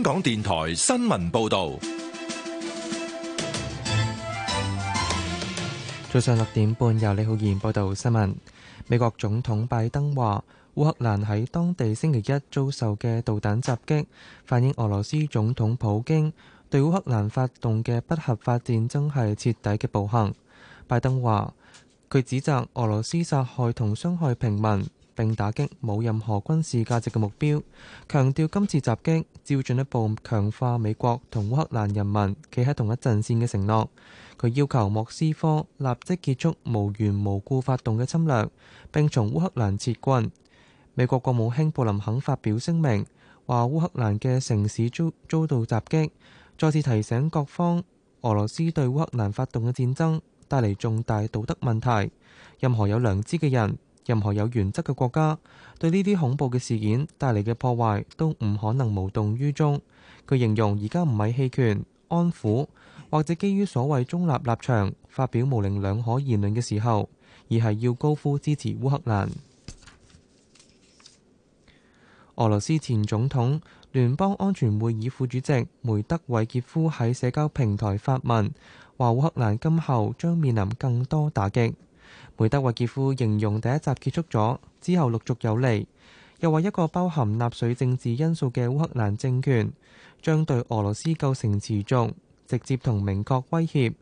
香港電台新聞報道，早上六點半由李浩然報道新聞。美國總統拜登話，烏克蘭喺當地星期一遭受嘅導彈襲擊，反映俄羅斯總統普京對烏克蘭發動嘅不合法戰爭係徹底嘅暴行。拜登話，佢指責俄羅斯殺害同傷害平民，並打擊冇任何軍事價值嘅目標，強調今次襲擊。要進一步強化美國同烏克蘭人民企喺同一陣線嘅承諾，佢要求莫斯科立即結束無緣無故發動嘅侵略，並從烏克蘭撤軍。美國國務卿布林肯發表聲明，話烏克蘭嘅城市遭遭到襲擊，再次提醒各方俄羅斯對烏克蘭發動嘅戰爭帶嚟重大道德問題。任何有良知嘅人，任何有原則嘅國家對呢啲恐怖嘅事件帶嚟嘅破壞都唔可能無動於衷。佢形容而家唔係棄權，安撫或者基於所謂中立立場發表模棱兩可言論嘅時候，而係要高呼支持烏克蘭。俄羅斯前總統，聯邦安全會議副主席梅德韋傑夫喺社交平台發文，話烏克蘭今後將面臨更多打擊。梅德韋傑夫形容第一集結束咗之後陸續有嚟，又話一個包含納粹政治因素嘅烏克蘭政權將對俄羅斯構成持續、直接同明確威脅。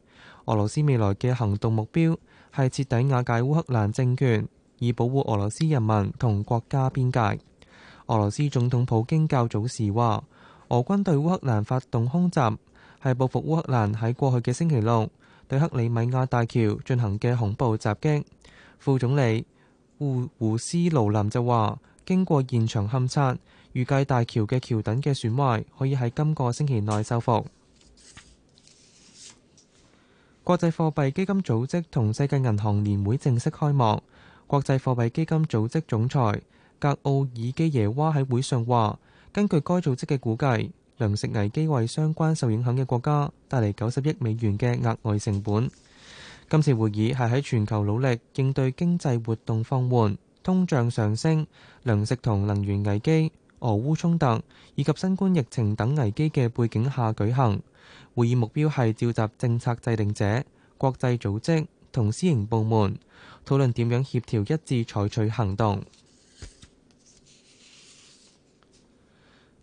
俄羅斯未來嘅行動目標係徹底瓦解烏克蘭政權，以保護俄羅斯人民同國家邊界。俄羅斯總統普京較早時話，俄軍對烏克蘭發動空襲，係報復烏克蘭喺過去嘅星期六。對克里米亞大橋進行嘅恐怖襲擊，副總理胡胡斯努林就話：經過現場勘測，預計大橋嘅橋墩嘅損壞可以喺今個星期內修復。國際貨幣基金組織同世界銀行年會正式開幕，國際貨幣基金組織總裁格奧爾基耶娃喺會上話：根據該組織嘅估計。糧食危機為相關受影響嘅國家帶嚟九十億美元嘅額外成本。今次會議係喺全球努力應對經濟活動放緩、通脹上升、糧食同能源危機、俄烏衝突以及新冠疫情等危機嘅背景下舉行。會議目標係召集政策制定者、國際組織同私營部門，討論點樣協調一致採取行動。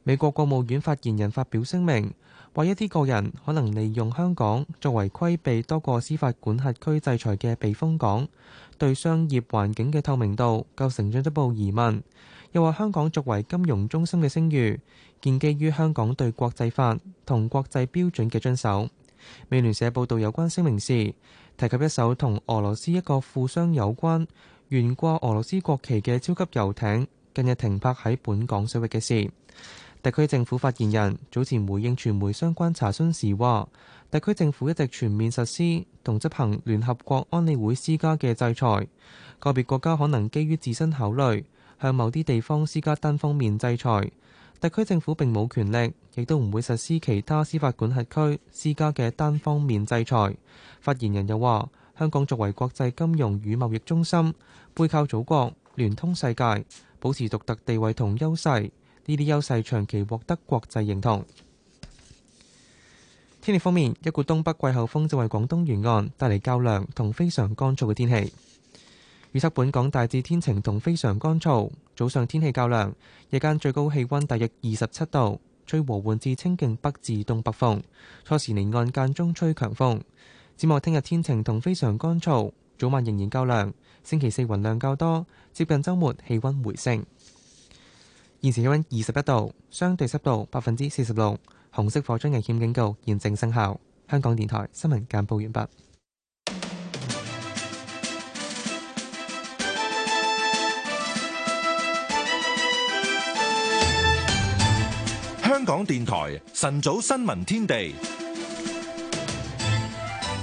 美國國務院發言人發表聲明，話一啲個人可能利用香港作為規避多個司法管轄區制裁嘅避風港，對商業環境嘅透明度構成進一步疑問。又話香港作為金融中心嘅聲譽，建基於香港對國際法同國際標準嘅遵守。美聯社報道有關聲明時，提及一艘同俄羅斯一個富商有關懸掛俄羅斯國旗嘅超級遊艇，近日停泊喺本港水域嘅事。特區政府發言人早前回應傳媒相關查詢時話，特區政府一直全面實施同執行聯合國安理會施加嘅制裁，個別國家可能基於自身考慮，向某啲地方施加單方面制裁。特區政府並冇權力，亦都唔會實施其他司法管轄區施加嘅單方面制裁。發言人又話，香港作為國際金融與貿易中心，背靠祖國，聯通世界，保持獨特地位同優勢。呢啲優勢長期獲得國際認同。天氣方面，一股東北季候風就為廣東沿岸帶嚟較涼同非常乾燥嘅天氣。預測本港大致天晴同非常乾燥，早上天氣較涼，日間最高氣温大約二十七度，吹和緩至清勁北至東北風。初時離岸間中吹強風。展望聽日天晴同非常乾燥，早晚仍然較涼。星期四雲量較多，接近周末氣温回升。現時氣温二十一度，相對濕度百分之四十六，紅色火災危險警告現正生效。香港電台新聞簡報完畢。香港電台晨早新聞天地。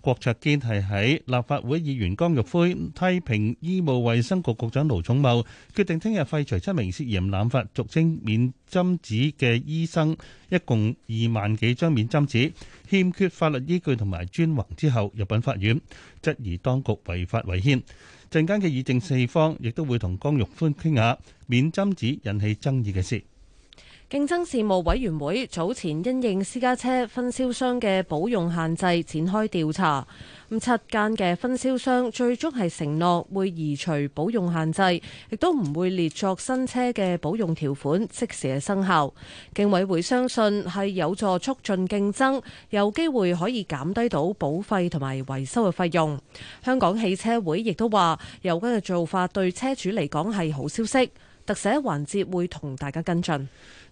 郭卓堅係喺立法會議員江玉歡批評，醫務衛生局局長盧寵茂，決定聽日廢除七名涉嫌濫發俗稱免針紙嘅醫生，一共二萬幾張免針紙，欠缺法律依據同埋專橫之後，入稟法院質疑當局違法違憲。陣間嘅議政四方亦都會同江玉歡傾下免針紙引起爭議嘅事。競爭事務委員會早前因應私家車分銷商嘅保用限制展開調查，咁七間嘅分銷商最終係承諾會移除保用限制，亦都唔會列作新車嘅保用條款即時嘅生效。競委會相信係有助促進競爭，有機會可以減低到保費同埋維修嘅費用。香港汽車會亦都話有關嘅做法對車主嚟講係好消息。特寫環節會同大家跟進。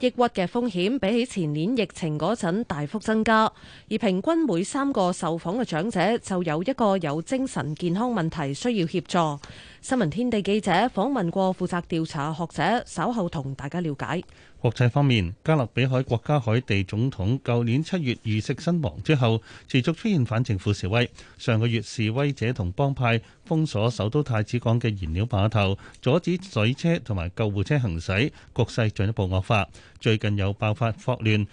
抑鬱嘅風險比起前年疫情嗰陣大幅增加，而平均每三個受訪嘅長者就有一個有精神健康問題需要協助。新聞天地記者訪問過負責調查嘅學者，稍後同大家了解。國際方面，加勒比海國家海地總統舊年七月遇刺身亡之後，持續出現反政府示威。上個月示威者同幫派封鎖首都太子港嘅燃料碼頭，阻止水車同埋救護車行駛，局勢進一步惡化。最近有爆發霍亂，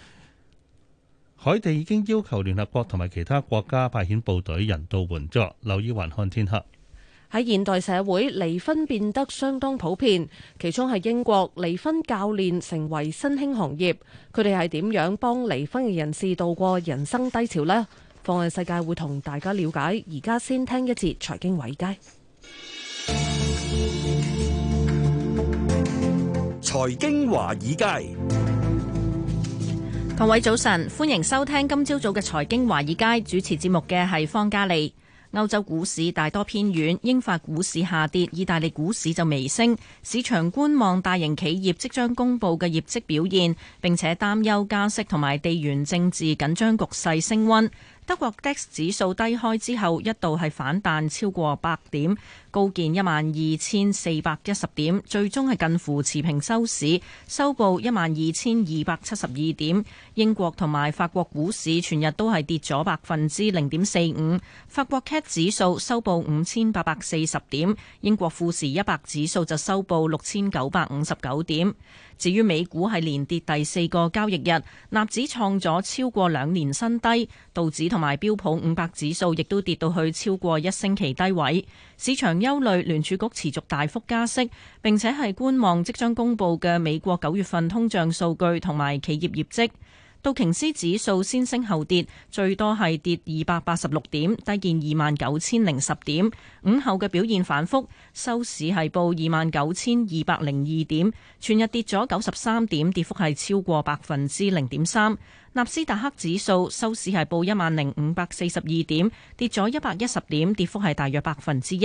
海地已經要求聯合國同埋其他國家派遣部隊人道援助，留意環看天下。喺現代社會，離婚變得相當普遍，其中係英國離婚教練成為新興行業。佢哋係點樣幫離婚嘅人士度過人生低潮呢？放眼世界，會同大家了解。而家先聽一節財經偉佳。財經華爾街，各位早晨，歡迎收聽今朝早嘅財經華爾街，主持節目嘅係方嘉利。歐洲股市大多偏軟，英法股市下跌，意大利股市就微升。市場觀望大型企業即將公布嘅業績表現，並且擔憂加息同埋地緣政治緊張局勢升溫。德國 DAX 指數低開之後一度係反彈超過百點。高見一萬二千四百一十點，最終係近乎持平收市，收報一萬二千二百七十二點。英國同埋法國股市全日都係跌咗百分之零點四五。法國 CAC 指數收報五千八百四十點，英國富時一百指數就收報六千九百五十九點。至於美股係連跌第四個交易日，納指創咗超過兩年新低，道指同埋標普五百指數亦都跌到去超過一星期低位，市場，憂慮聯儲局持續大幅加息，並且係觀望即將公布嘅美國九月份通脹數據同埋企業業績。道瓊斯指數先升後跌，最多係跌二百八十六點，低見二萬九千零十點。午後嘅表現反覆，收市係報二萬九千二百零二點，全日跌咗九十三點，跌幅係超過百分之零點三。納斯達克指數收市係報一萬零五百四十二點，跌咗一百一十點，跌幅係大約百分之一。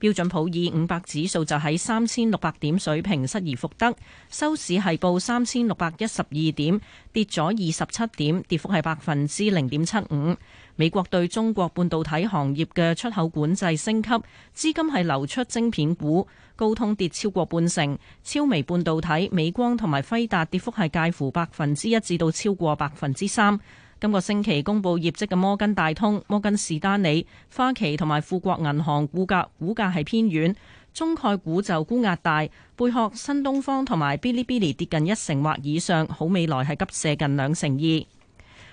標準普爾五百指數就喺三千六百點水平失而復得，收市係報三千六百一十二點，跌咗二十七點，跌幅係百分之零點七五。美國對中國半導體行業嘅出口管制升級，資金係流出晶片股，高通跌超過半成，超微半導體、美光同埋輝達跌幅係介乎百分之一至到超過百分之三。今個星期公布業績嘅摩根大通、摩根士丹利、花旗同埋富國銀行股價，股價股價係偏軟；中概股就沽壓大，貝殼、新東方同埋 Bilibili 跌近一成或以上，好未來係急瀉近兩成二。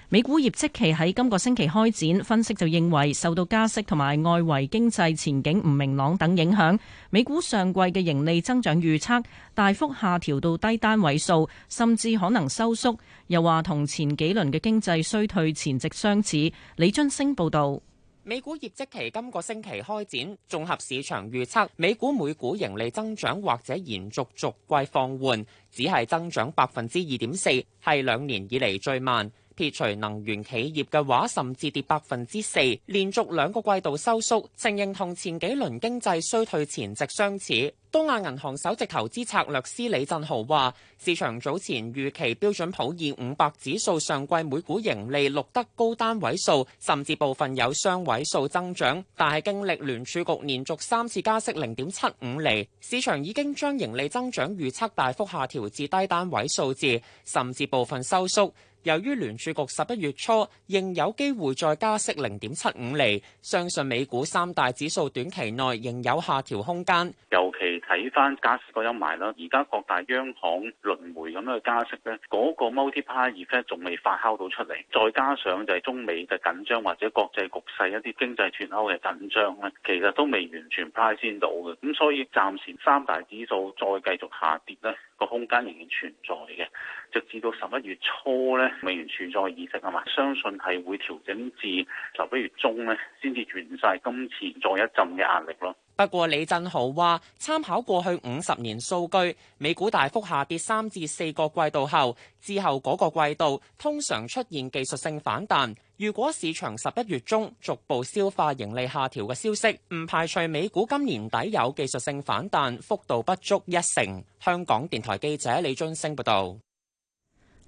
美股業績期喺今個星期開展，分析就認為受到加息同埋外圍經濟前景唔明朗等影響，美股上季嘅盈利增長預測大幅下調到低單位數，甚至可能收縮。又話同前幾輪嘅經濟衰退前夕相似。李津升報道，美股業績期今個星期開展，綜合市場預測，美股每股盈利增長或者延續逐季放緩，只係增長百分之二點四，係兩年以嚟最慢。撇除能源企業嘅話，甚至跌百分之四，連續兩個季度收縮，承認同前幾輪經濟衰退前夕相似。東亞銀行首席投資策略師李振豪話，市場早前預期標準普爾五百指數上季每股盈利錄得高單位數，甚至部分有雙位數增長。但係經歷聯儲局連續三次加息零點七五厘，市場已經將盈利增長預測大幅下調至低單位數字，甚至部分收縮。由於聯儲局十一月初仍有機會再加息零點七五厘，相信美股三大指數短期內仍有下調空間，尤其。睇翻加息嗰陰霾啦，而家各大央行輪迴咁樣加息咧，嗰、嗰個 multiplier effect 仲未發酵到出嚟，再加上就係中美嘅緊張或者國際局勢一啲經濟斷歐嘅緊張咧，其實都未完全 price in 到嘅，咁所以暫時三大指數再繼續下跌咧，個空間仍然存在嘅，直至到十一月初咧，未完全再議息啊嘛，相信係會調整至十一月中咧，先至完晒今次再一陣嘅壓力咯。不過，李振豪話：參考過去五十年數據，美股大幅下跌三至四個季度後，之後嗰個季度通常出現技術性反彈。如果市場十一月中逐步消化盈利下調嘅消息，唔排除美股今年底有技術性反彈，幅度不足一成。香港電台記者李津升報道。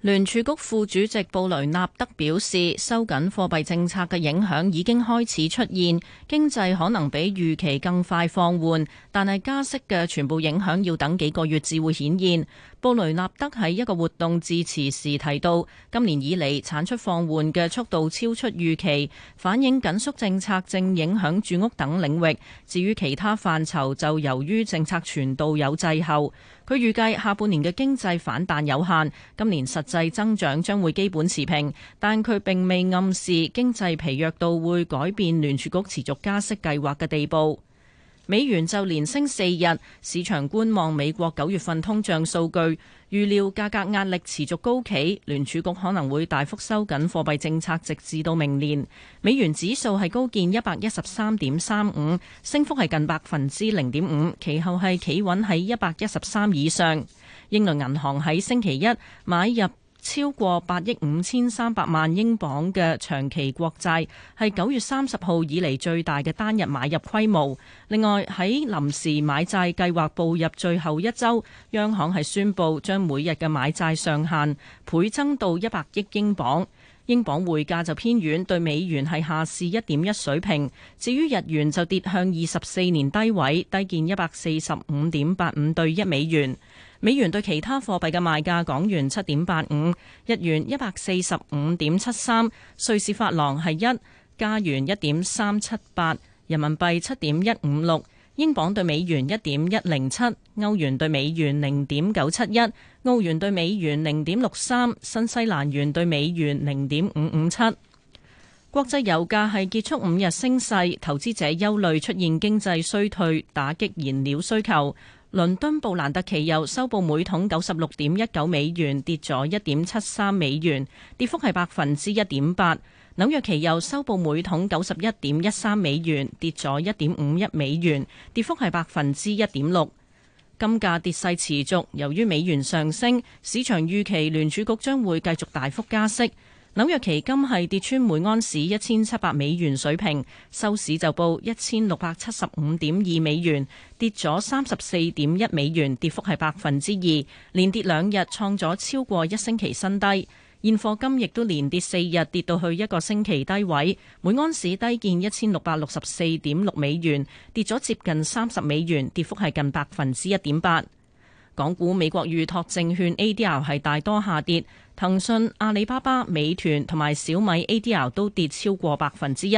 聯儲局副主席布雷納德表示，收緊貨幣政策嘅影響已經開始出現，經濟可能比預期更快放緩，但係加息嘅全部影響要等幾個月至會顯現。布雷納德喺一個活動致辭時提到，今年以嚟產出放緩嘅速度超出預期，反映緊縮政策正影響住屋等領域。至於其他範疇，就由於政策傳導有滯後。佢預計下半年嘅經濟反彈有限，今年實際增長將會基本持平，但佢並未暗示經濟疲弱到會改變聯儲局持續加息計劃嘅地步。美元就連升四日，市場觀望美國九月份通脹數據，預料價格壓力持續高企，聯儲局可能會大幅收緊貨幣政策，直至到明年。美元指數係高見一百一十三點三五，升幅係近百分之零點五，其後係企穩喺一百一十三以上。英倫銀行喺星期一買入超過八億五千三百萬英鎊嘅長期國債，係九月三十號以嚟最大嘅單日買入規模。另外喺臨時買債計劃步入最後一周，央行係宣布將每日嘅買債上限倍增到一百億英鎊。英鎊匯價就偏軟，對美元係下試一點一水平。至於日元就跌向二十四年低位，低見一百四十五點八五對一美元。美元對其他貨幣嘅賣價：港元七點八五，日元一百四十五點七三，瑞士法郎係一，加元一點三七八，人民幣七點一五六，英鎊對美元一點一零七，歐元對美元零點九七一，澳元對美元零點六三，新西蘭元對美元零點五五七。國際油價係結束五日升勢，投資者憂慮出現經濟衰退，打擊燃料需求。倫敦布蘭特期油收報每桶九十六點一九美元，跌咗一點七三美元，跌幅係百分之一點八。紐約期油收報每桶九十一點一三美元，跌咗一點五一美元，跌幅係百分之一點六。金價跌勢持續，由於美元上升，市場預期聯儲局將會繼續大幅加息。紐約期金係跌穿每安士一千七百美元水平，收市就報一千六百七十五點二美元，跌咗三十四點一美元，跌幅係百分之二，連跌兩日創咗超過一星期新低。現貨金亦都連跌四日，跌到去一個星期低位，每安士低見一千六百六十四點六美元，跌咗接近三十美元，跌幅係近百分之一點八。港股、美國預託證券 ADR 係大多下跌，騰訊、阿里巴巴、美團同埋小米 ADR 都跌超過百分之一。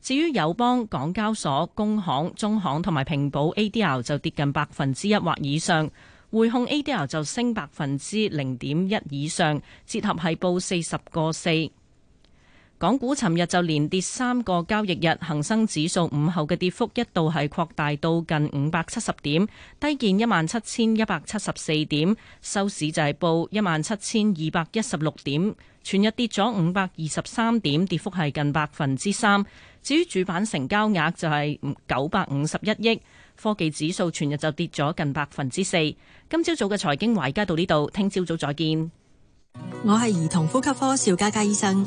至於友邦、港交所、工行、中行同埋平保 ADR 就跌近百分之一或以上，匯控 ADR 就升百分之零點一以上，折合係報四十個四。港股尋日就連跌三個交易日，恒生指數午後嘅跌幅一度係擴大到近五百七十點，低見一萬七千一百七十四點，收市就係報一萬七千二百一十六點，全日跌咗五百二十三點，跌幅係近百分之三。至於主板成交額就係九百五十一億，科技指數全日就跌咗近百分之四。今朝早嘅財經懷佳到呢度，聽朝早再見。我係兒童呼吸科邵佳佳醫生。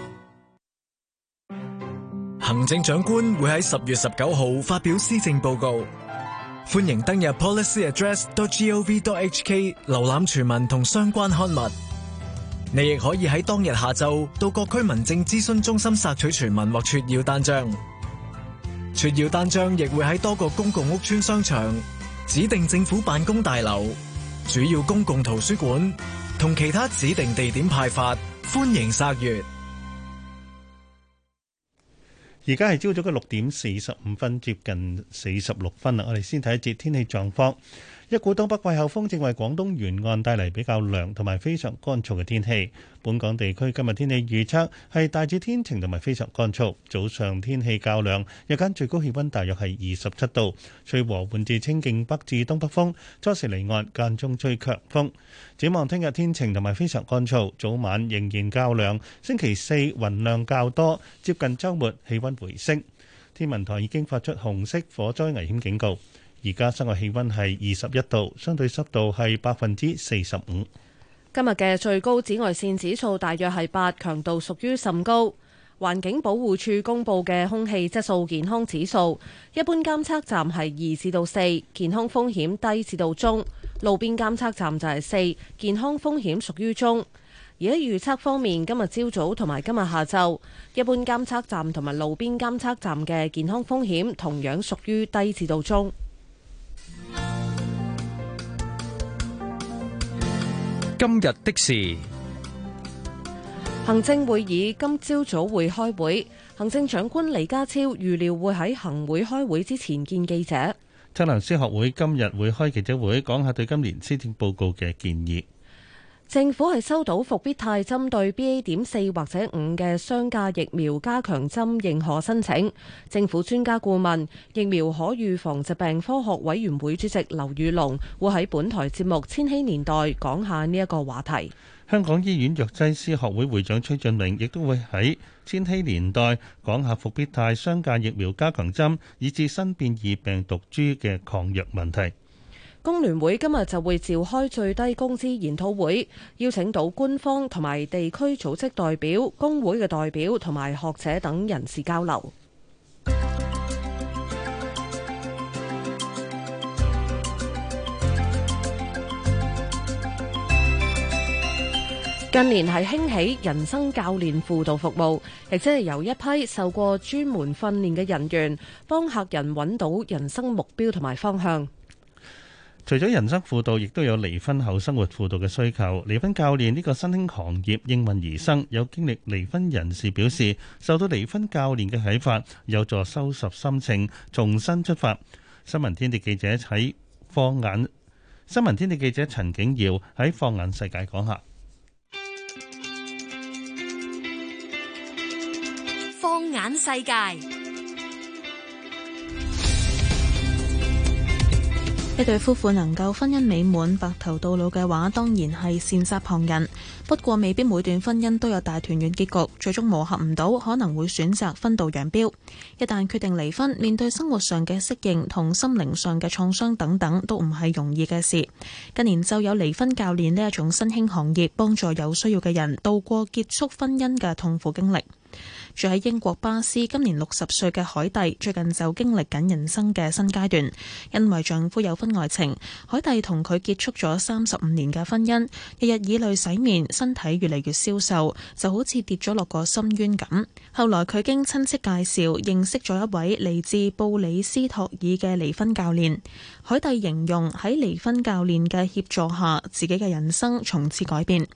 行政長官會喺十月十九號發表施政報告，歡迎登入 policyaddress.gov.hk 瀏覽全文同相關刊物。你亦可以喺當日下晝到各區民政諮詢中心索取全文或撮要單張。撮要單張亦會喺多個公共屋邨、商場、指定政府辦公大樓、主要公共圖書館同其他指定地點派發，歡迎查閱。而家係朝早嘅六點四十五分，接近四十六分啦。我哋先睇一節天氣狀況。一股東北季候風正為廣東沿岸帶嚟比較涼同埋非常乾燥嘅天氣。本港地區今日天，天氣預測係大致天晴同埋非常乾燥，早上天氣較涼，日間最高氣溫大約係二十七度，吹和緩至清勁北至東北風，初時離岸，間中吹強風。展望聽日天晴同埋非常乾燥，早晚仍然較涼，星期四雲量較多，接近周末氣溫回升。天文台已經發出紅色火災危險警告。而家室外氣溫係二十一度，相對濕度係百分之四十五。今日嘅最高紫外線指數大約係八，強度屬於甚高。環境保護署公布嘅空氣質素健康指數，一般監測站係二至到四，健康風險低至到中；路邊監測站就係四，健康風險屬於中。而喺預測方面，今日朝早同埋今日下晝，一般監測站同埋路邊監測站嘅健康風險同樣屬於低至到中。今日的事，行政會議今朝早，早會開會，行政長官李家超預料會喺行會開會之前見記者。測量師學會今日會開記者會，講下對今年施政報告嘅建議。政府係收到復必泰針對 B A. 點四或者五嘅雙價疫苗加強針認可申請。政府專家顧問疫苗可預防疾病科學委員會主席劉宇龍會喺本台節目《千禧年代》講下呢一個話題。香港醫院藥劑師學會會長崔俊明亦都會喺《千禧年代》講下復必泰雙價疫苗加強針以至新變異病毒株嘅抗藥問題。工聯會今日就會召開最低工資研討會，邀請到官方同埋地區組織代表、工會嘅代表同埋學者等人士交流。近年係興起人生教練輔導服務，亦即係由一批受過專門訓練嘅人員，幫客人揾到人生目標同埋方向。除咗人生輔導，亦都有離婚後生活輔導嘅需求。離婚教練呢個新興行業應運而生。有經歷離婚人士表示，受到離婚教練嘅啟發，有助收拾心情，重新出發。新聞天地記者喺放眼，新聞天地記者陳景耀喺放眼世界講下，放眼世界。一對夫婦能夠婚姻美滿、白頭到老嘅話，當然係羨煞旁人。不過未必每段婚姻都有大團圓結局，最終磨合唔到，可能會選擇分道揚鑣。一旦決定離婚，面對生活上嘅適應同心靈上嘅創傷等等，都唔係容易嘅事。近年就有離婚教練呢一種新興行業，幫助有需要嘅人度過結束婚姻嘅痛苦經歷。住喺英國巴斯，今年六十歲嘅海蒂最近就經歷緊人生嘅新階段。因為丈夫有婚外情，海蒂同佢結束咗三十五年嘅婚姻，日日以淚洗面，身體越嚟越消瘦，就好似跌咗落個深淵咁。後來佢經親戚介紹認識咗一位嚟自布里斯托爾嘅離婚教練，海蒂形容喺離婚教練嘅協助下，自己嘅人生從此改變。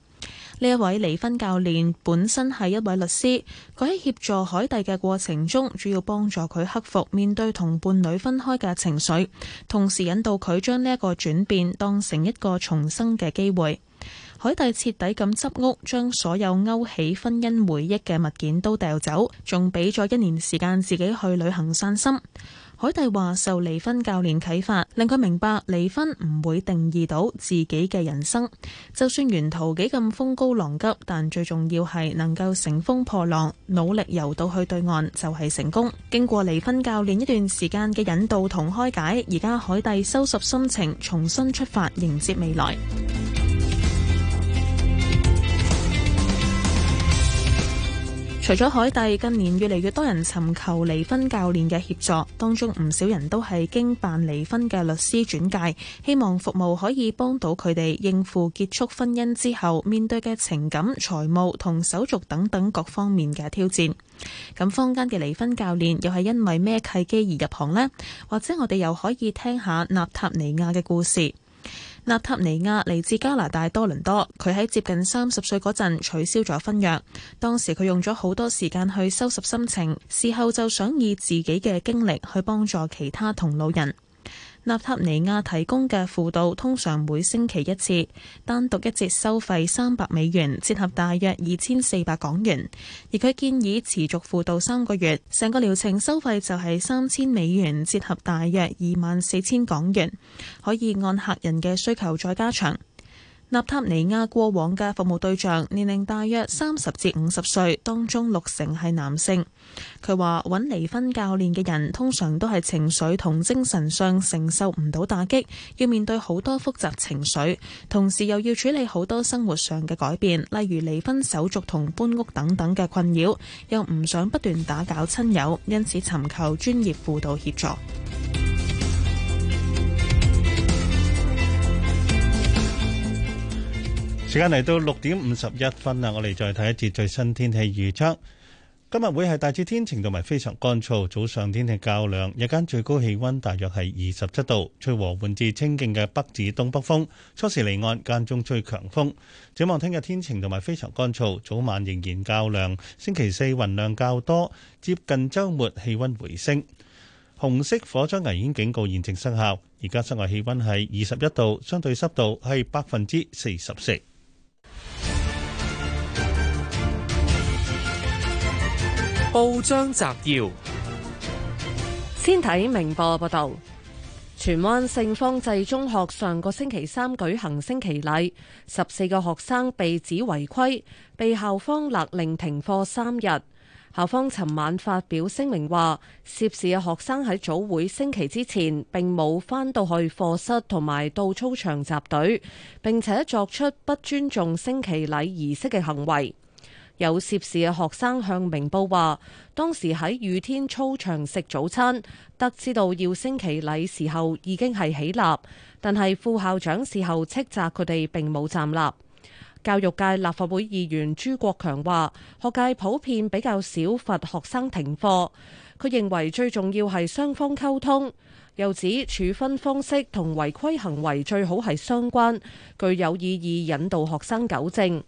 呢一位離婚教練本身係一位律師，佢喺協助海蒂嘅過程中，主要幫助佢克服面對同伴侶分開嘅情緒，同時引導佢將呢一個轉變當成一個重生嘅機會。海蒂徹底咁執屋，將所有勾起婚姻回憶嘅物件都掉走，仲俾咗一年時間自己去旅行散心。海蒂話受離婚教練啟發，令佢明白離婚唔會定義到自己嘅人生。就算沿途幾咁風高浪急，但最重要係能夠乘風破浪，努力遊到去對岸就係成功。經過離婚教練一段時間嘅引導同開解，而家海蒂收拾心情，重新出發迎接未來。除咗海蒂，近年越嚟越多人尋求離婚教練嘅協助，當中唔少人都係經辦離婚嘅律師轉介，希望服務可以幫到佢哋應付結束婚姻之後面對嘅情感、財務同手續等等各方面嘅挑戰。咁坊間嘅離婚教練又係因為咩契機而入行呢？或者我哋又可以聽下納塔尼亞嘅故事。納塔尼亞嚟自加拿大多倫多，佢喺接近三十歲嗰陣取消咗婚約，當時佢用咗好多時間去收拾心情，事後就想以自己嘅經歷去幫助其他同路人。納塔尼亞提供嘅輔導通常每星期一次，單獨一節收費三百美元，折合大約二千四百港元。而佢建議持續輔導三個月，成個療程收費就係三千美元，折合大約二萬四千港元，可以按客人嘅需求再加長。納塔尼亞過往嘅服務對象，年齡大約三十至五十歲，當中六成係男性。佢話揾離婚教練嘅人通常都係情緒同精神上承受唔到打擊，要面對好多複雜情緒，同時又要處理好多生活上嘅改變，例如離婚手續同搬屋等等嘅困擾，又唔想不斷打攪親友，因此尋求專業輔導協助。時間嚟到六點五十一分啦，我哋再睇一節最新天氣預測。今日會係大致天晴，同埋非常乾燥。早上天氣較涼，日間最高氣溫大約係二十七度，吹和緩至清勁嘅北至東北風，初時離岸間中吹強風。展望聽日天晴，同埋非常乾燥，早晚仍然較涼。星期四雲量較多，接近周末氣溫回升。紅色火災危險警告現正生效，而家室外氣溫係二十一度，相對濕度係百分之四十四。報章摘要，先睇明報報道，荃灣聖方濟中學上個星期三舉行升旗禮，十四個學生被指違規，被校方勒令停課三日。校方尋晚發表聲明話，涉事嘅學生喺早會升旗之前，並冇返到去課室同埋到操場集隊，並且作出不尊重升旗禮儀式嘅行為。有涉事嘅學生向明報話：當時喺雨天操場食早餐，得知到要升旗禮時候已經係起立，但係副校長事後斥責佢哋並冇站立。教育界立法會議員朱國強話：學界普遍比較少罰學生停課，佢認為最重要係雙方溝通，又指處分方式同違規行為最好係相關，具有意義引導學生糾正。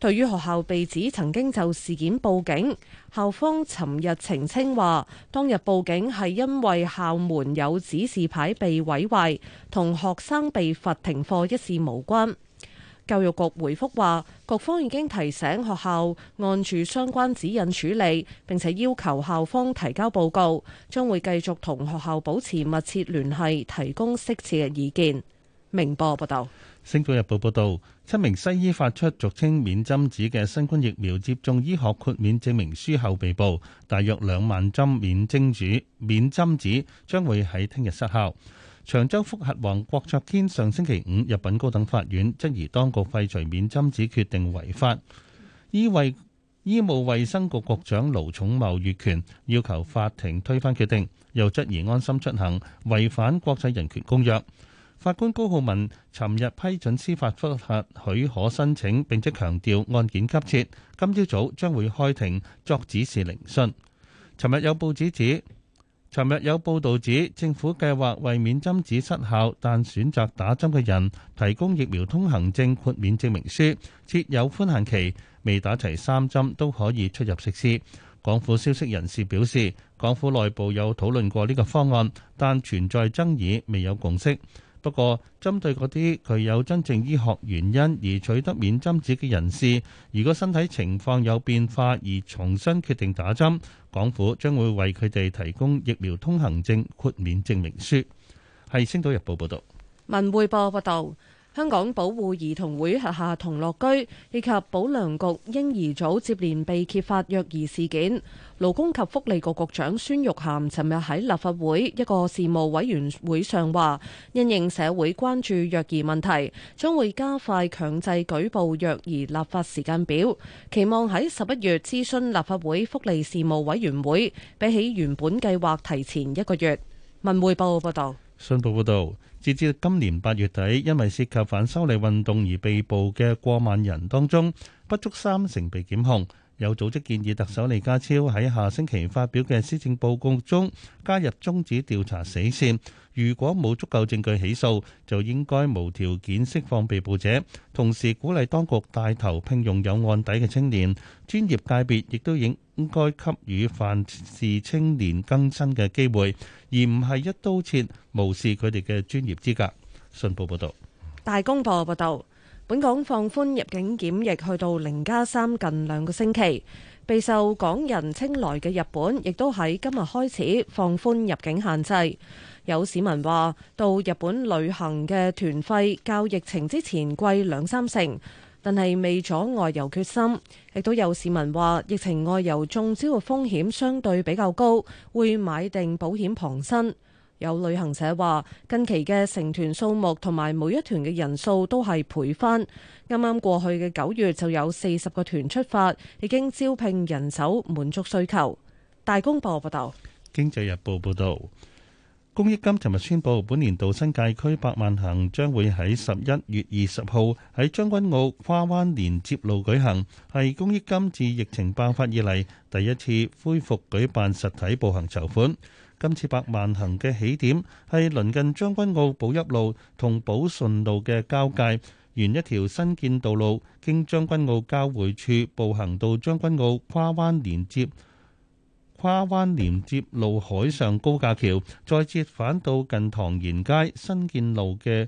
對於學校被指曾經就事件報警，校方尋日澄清話，當日報警係因為校門有指示牌被毀壞，同學生被罰停課一事無關。教育局回覆話，局方已經提醒學校按住相關指引處理，並且要求校方提交報告，將會繼續同學校保持密切聯繫，提供適切嘅意見。明報報道，《星島日報》報道。七名西醫發出俗稱免針紙嘅新冠疫苗接種醫學豁免證明書後，被捕，大約兩萬針免針紙免針紙將會喺聽日失效。長洲復核王郭卓堅上星期五入稟高等法院，質疑當局廢除免針紙決定違法，醫衞醫務衛生局局長盧寵茂越權，要求法庭推翻決定，又質疑安心出行違反國際人權公約。法官高浩文尋日批准司法覆核許可申請，並且強調案件急切。今朝早將會開庭作指示聆訊尋日有報紙指，尋日有報道指，指政府計劃為免針紙失效，但選擇打針嘅人提供疫苗通行證豁免證明書設有寬限期，未打齊三針都可以出入食肆。港府消息人士表示，港府內部有討論過呢個方案，但存在爭議未有共識。不過，針對嗰啲具有真正醫學原因而取得免針紙嘅人士，如果身體情況有變化而重新決定打針，港府將會為佢哋提供疫苗通行證豁免證明書。係《星島日報》報導。文匯報報道。香港保護兒童會轄下童樂居以及保良局嬰兒組接連被揭發虐兒事件，勞工及福利局局長孫玉菡尋日喺立法會一個事務委員會上話，因應社會關注虐兒問題，將會加快強制舉報虐兒立法時間表，期望喺十一月諮詢立法會福利事務委員會，比起原本計劃提前一個月。文匯報報導。信報報導，截至今年八月底，因為涉及反修例運動而被捕嘅過萬人當中，不足三成被檢控。有組織建議特首李家超喺下星期發表嘅施政報告中加入終止調查死線，如果冇足夠證據起訴，就應該無條件釋放被捕者。同時鼓勵當局帶頭聘用有案底嘅青年，專業界別亦都應該給予犯事青年更生嘅機會，而唔係一刀切無視佢哋嘅專業資格。信報報道，大公報報道。本港放寬入境檢疫，去到零加三近兩個星期，備受港人青睞嘅日本，亦都喺今日開始放寬入境限制。有市民話，到日本旅行嘅團費較疫情之前貴兩三成，但係未阻外遊決心。亦都有市民話，疫情外遊中招嘅風險相對比較高，會買定保險傍身。有旅行社話，近期嘅成團數目同埋每一團嘅人數都係倍翻。啱啱過去嘅九月就有四十個團出發，已經招聘人手滿足需求。大公報報道。《經濟日報》報道，公益金尋日宣布，本年度新界區百萬行將會喺十一月二十號喺將軍澳花灣連接路舉行，係公益金自疫情爆發以嚟，第一次恢復舉辦實體步行籌款。今次百萬行嘅起點係鄰近將軍澳寶邑路同寶順路嘅交界，沿一條新建道路經將軍澳交匯處步行到將軍澳跨灣連接跨灣連接路海上高架橋，再折返到近唐賢街新建路嘅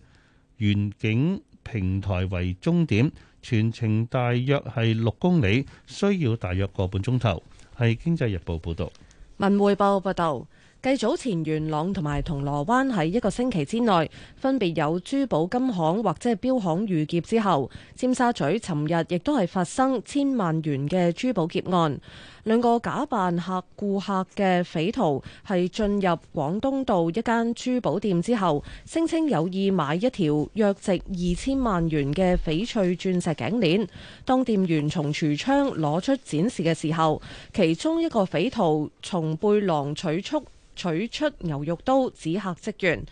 園景平台為終點，全程大約係六公里，需要大約個半鐘頭，係《經濟日報》報道，文匯報報道。繼早前元朗同埋銅鑼灣喺一個星期之內分別有珠寶金行或者係錶行遇劫之後，尖沙咀尋日亦都係發生千萬元嘅珠寶劫案。兩個假扮客顧客嘅匪徒係進入廣東道一間珠寶店之後，聲稱有意買一條約值二千萬元嘅翡翠鑽石，石頸鏈。當店員從櫥窗攞出展示嘅時候，其中一個匪徒從背囊取出。取出牛肉刀指吓職員，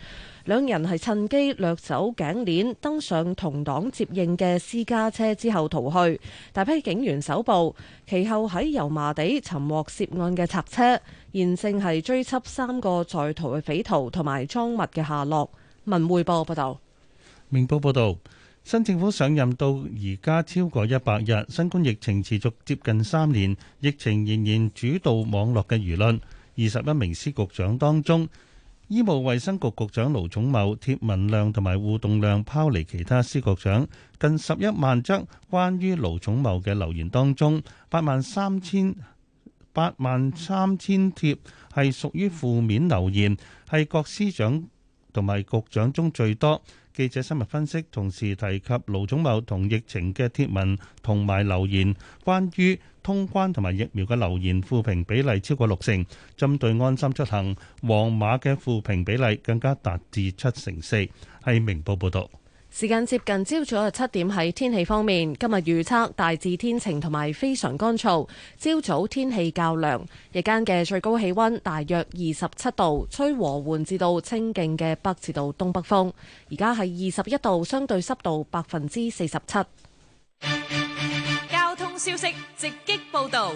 兩人係趁機掠走頸鏈，登上同黨接應嘅私家車之後逃去。大批警員搜捕，其後喺油麻地尋獲涉案嘅賊車，現正係追緝三個在逃嘅匪徒同埋贓物嘅下落。文匯報報道，明報報道，新政府上任到而家超過一百日，新冠疫情持續接近三年，疫情仍然主導網絡嘅輿論。二十一名司局長當中，醫務衛生局局長盧寵茂、貼文量同埋互動量拋離其他司局長，近十一萬則關於盧寵茂嘅留言當中，八萬三千八萬三千貼係屬於負面留言，係各司長同埋局長中最多。記者深入分析，同時提及盧寵茂同疫情嘅貼文同埋留言，關於。通關同埋疫苗嘅留言負評比例超過六成，針對安心出行，皇馬嘅負評比例更加達至七成四。係明報報道，時間接近朝早嘅七點。喺天氣方面，今日預測大致天晴同埋非常乾燥，朝早天氣較涼，日間嘅最高氣溫大約二十七度，吹和緩至到清勁嘅北至到東北風。而家係二十一度，相對濕度百分之四十七。消息直擊報道。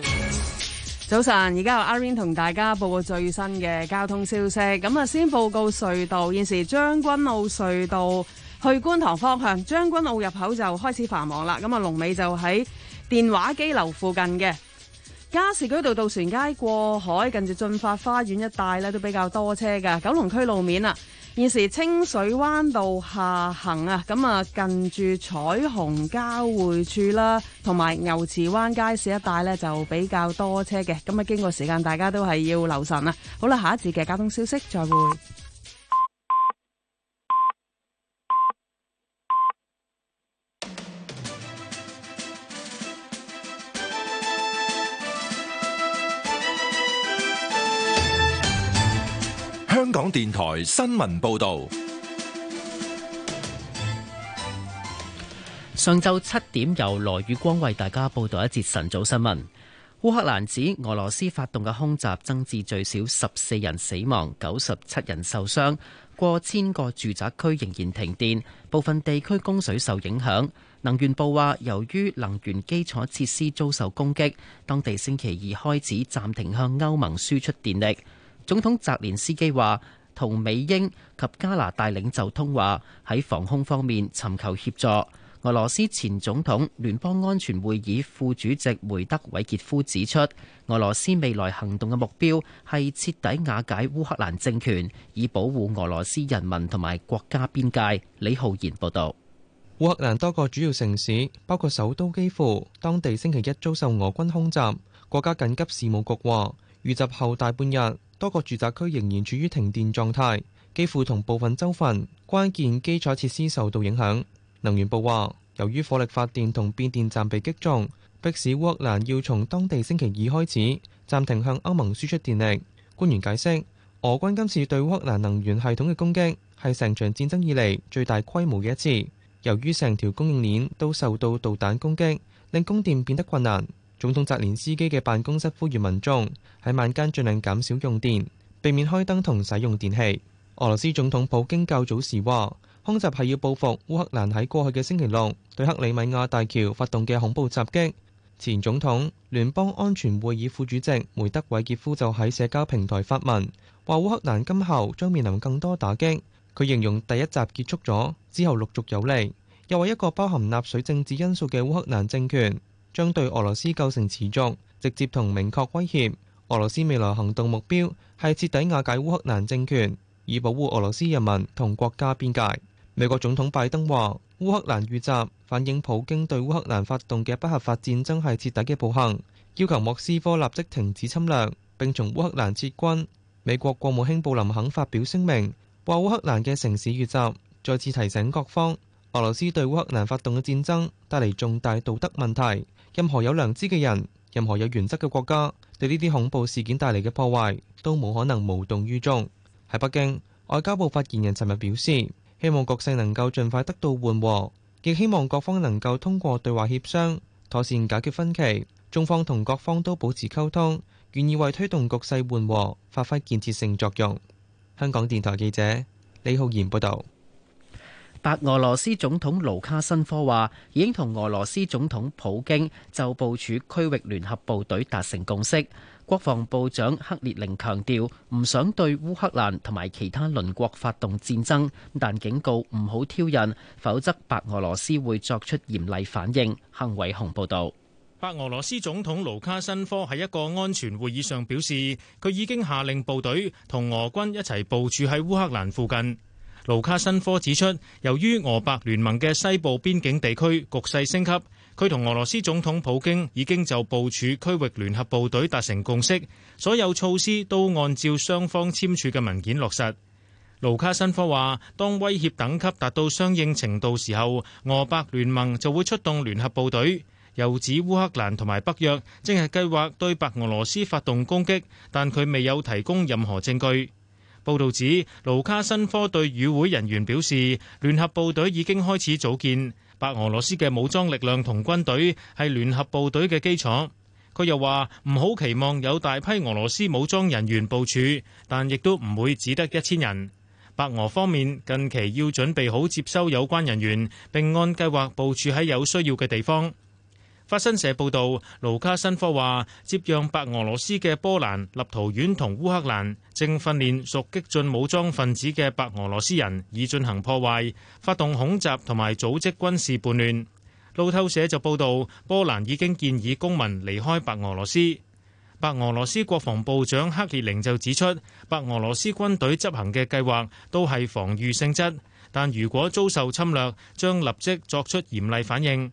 早晨，而家有阿 Rain 同大家報告最新嘅交通消息。咁啊，先報告隧道，現時將軍澳隧道去觀塘方向，將軍澳入口就開始繁忙啦。咁啊，龍尾就喺電話機樓附近嘅加士居道渡船街過海，近住駿發花園一帶咧都比較多車噶。九龍區路面啊。現時清水灣道下行啊，咁啊近住彩虹交匯處啦，同埋牛池灣街市一帶咧就比較多車嘅，咁啊經過時間，大家都係要留神啦。好啦，下一節嘅交通消息再會。香港電台新聞報道，上晝七點由羅宇光為大家報道一節晨早新聞。烏克蘭指俄羅斯發動嘅空襲增至最少十四人死亡，九十七人受傷，過千個住宅區仍然停電，部分地區供水受影響。能源部話，由於能源基礎設施遭受攻擊，當地星期二開始暫停向歐盟輸出電力。總統澤連斯基話，同美英及加拿大領袖通話，喺防空方面尋求協助。俄羅斯前總統、聯邦安全會議副主席梅德韋傑夫指出，俄羅斯未來行動嘅目標係徹底瓦解烏克蘭政權，以保護俄羅斯人民同埋國家邊界。李浩然報導，烏克蘭多個主要城市，包括首都基輔，當地星期一遭受俄軍空襲。國家緊急事務局話，遇襲後大半日。多個住宅區仍然處於停電狀態，幾乎同部分州份關鍵基礎設施受到影響。能源部話，由於火力發電同變電站被擊中，迫使烏克蘭要從當地星期二開始，暫停向歐盟輸出電力。官員解釋，俄軍今次對烏克蘭能源系統嘅攻擊係成場戰爭以嚟最大規模嘅一次。由於成條供應鏈都受到導彈攻擊，令供電變得困難。總統澤連斯基嘅辦公室呼籲民眾喺晚間盡量減少用電，避免開燈同使用電器。俄羅斯總統普京較早時話，空襲係要報復烏克蘭喺過去嘅星期六對克里米亞大橋發動嘅恐怖襲擊。前總統聯邦安全會議副主席梅德韋傑夫就喺社交平台發文，話烏克蘭今後將面臨更多打擊。佢形容第一集結束咗之後陸續有利，又話一個包含納粹政治因素嘅烏克蘭政權。將對俄羅斯構成持續，直接同明確威脅。俄羅斯未來行動目標係徹底瓦解烏克蘭政權，以保護俄羅斯人民同國家邊界。美國總統拜登話，烏克蘭遇襲反映普京對烏克蘭發動嘅不合法戰爭係徹底嘅暴行，要求莫斯科立即停止侵略，並從烏克蘭撤軍。美國國務卿布林肯發表聲明，話烏克蘭嘅城市遇襲再次提醒各方，俄羅斯對烏克蘭發動嘅戰爭帶嚟重大道德問題。任何有良知嘅人，任何有原則嘅國家，對呢啲恐怖事件帶嚟嘅破壞，都冇可能無動於衷。喺北京，外交部發言人尋日表示，希望局勢能夠盡快得到緩和，亦希望各方能夠通過對話協商，妥善解決分歧。中方同各方都保持溝通，願意為推動局勢緩和發揮建設性作用。香港電台記者李浩然報道。白俄羅斯總統盧卡申科話，已經同俄羅斯總統普京就部署區域聯合部隊達成共識。國防部長克列寧強調，唔想對烏克蘭同埋其他鄰國發動戰爭，但警告唔好挑釁，否則白俄羅斯會作出嚴厲反應。幸偉雄報導。白俄羅斯總統盧卡申科喺一個安全會議上表示，佢已經下令部隊同俄軍一齊部署喺烏克蘭附近。盧卡申科指出，由於俄白聯盟嘅西部邊境地區局勢升級，佢同俄羅斯總統普京已經就部署區域聯合部隊達成共識，所有措施都按照雙方簽署嘅文件落實。盧卡申科話，當威脅等級達到相應程度時候，俄白聯盟就會出動聯合部隊。又指烏克蘭同埋北約正係計劃對白俄羅斯發動攻擊，但佢未有提供任何證據。報導指，盧卡申科對與會人員表示，聯合部隊已經開始組建，白俄羅斯嘅武裝力量同軍隊係聯合部隊嘅基礎。佢又話：唔好期望有大批俄羅斯武裝人員部署，但亦都唔會只得一千人。白俄方面近期要準備好接收有關人員，並按計劃部署喺有需要嘅地方。法新社報導，盧卡申科話：接壤白俄羅斯嘅波蘭、立陶宛同烏克蘭正訓練屬激進武裝分子嘅白俄羅斯人，以進行破壞、發動恐襲同埋組織軍事叛亂。路透社就報導，波蘭已經建議公民離開白俄羅斯。白俄羅斯國防部長克列寧就指出，白俄羅斯軍隊執行嘅計劃都係防禦性質，但如果遭受侵略，將立即作出嚴厲反應。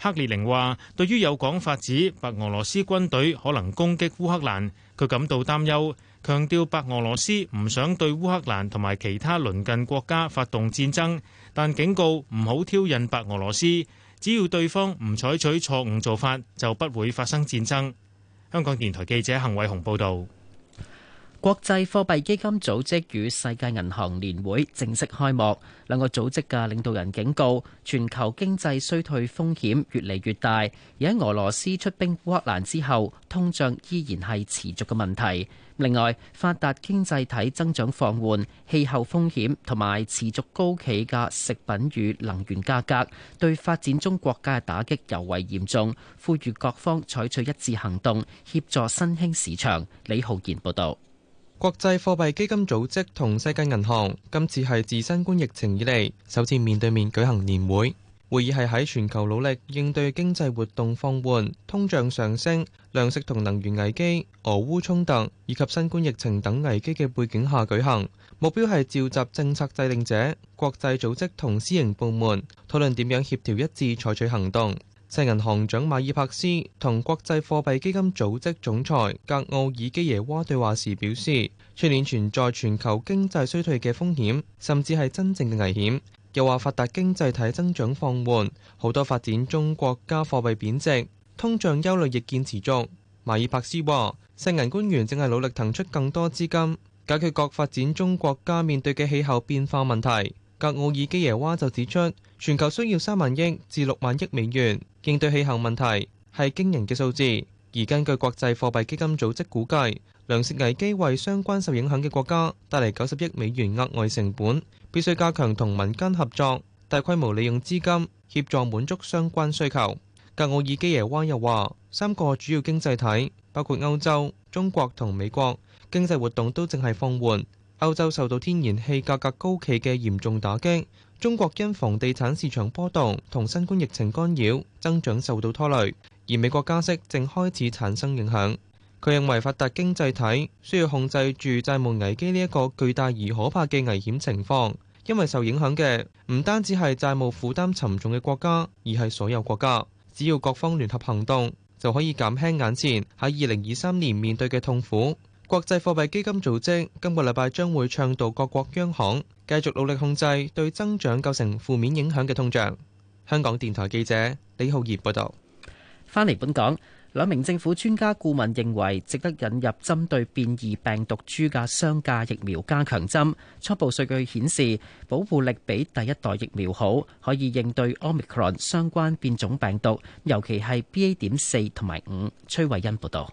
克列寧話：對於有講法指白俄羅斯軍隊可能攻擊烏克蘭，佢感到擔憂，強調白俄羅斯唔想對烏克蘭同埋其他鄰近國家發動戰爭，但警告唔好挑釁白俄羅斯，只要對方唔採取錯誤做法，就不會發生戰爭。香港電台記者幸偉雄報導。國際貨幣基金組織與世界銀行年會正式開幕，兩個組織嘅領導人警告，全球經濟衰退風險越嚟越大。而喺俄羅斯出兵烏克蘭之後，通脹依然係持續嘅問題。另外，發達經濟體增長放緩、氣候風險同埋持續高企嘅食品與能源價格，對發展中國家嘅打擊尤為嚴重。呼籲各方採取一致行動，協助新興市場。李浩然報道。國際貨幣基金組織同世界銀行今次係自新冠疫情以嚟首次面對面舉行年會。會議係喺全球努力應對經濟活動放緩、通脹上升、糧食同能源危機、俄烏衝突以及新冠疫情等危機嘅背景下舉行。目標係召集政策制定者、國際組織同私營部門，討論點樣協調一致採取行動。世銀行長馬爾帕斯同國際貨幣基金組織總裁格奧爾基耶娃對話時表示，出年存在全球經濟衰退嘅風險，甚至係真正嘅危險。又話發達經濟體增長放緩，好多發展中國家貨幣貶值，通脹憂慮亦見持續。馬爾帕斯話：世銀官員正係努力騰出更多資金，解決各發展中國家面對嘅氣候變化問題。格奧爾基耶娃就指出，全球需要三萬億至六萬億美元。應對氣候問題係驚人嘅數字，而根據國際貨幣基金組織估計，糧食危機為相關受影響嘅國家帶嚟九十億美元額外成本。必須加強同民間合作，大規模利用資金協助滿足相關需求。格奧爾基耶娃又話：三個主要經濟體，包括歐洲、中國同美國，經濟活動都正係放緩。歐洲受到天然氣價格高企嘅嚴重打擊。中國因房地產市場波動同新冠疫情干擾，增長受到拖累；而美國加息正開始產生影響。佢認為發達經濟體需要控制住債務危機呢一個巨大而可怕嘅危險情況，因為受影響嘅唔單止係債務負擔沉重嘅國家，而係所有國家。只要各方聯合行動，就可以減輕眼前喺二零二三年面對嘅痛苦。國際貨幣基金組織今個禮拜將會倡導各國央行。繼續努力控制對增長構成負面影響嘅通脹。香港電台記者李浩業報道。返嚟本港，兩名政府專家顧問認為值得引入針對變異病毒株嘅雙價疫苗加強針。初步數據顯示，保護力比第一代疫苗好，可以應對 Omicron 相關變種病毒，尤其係 BA 點四同埋五。崔慧欣報道。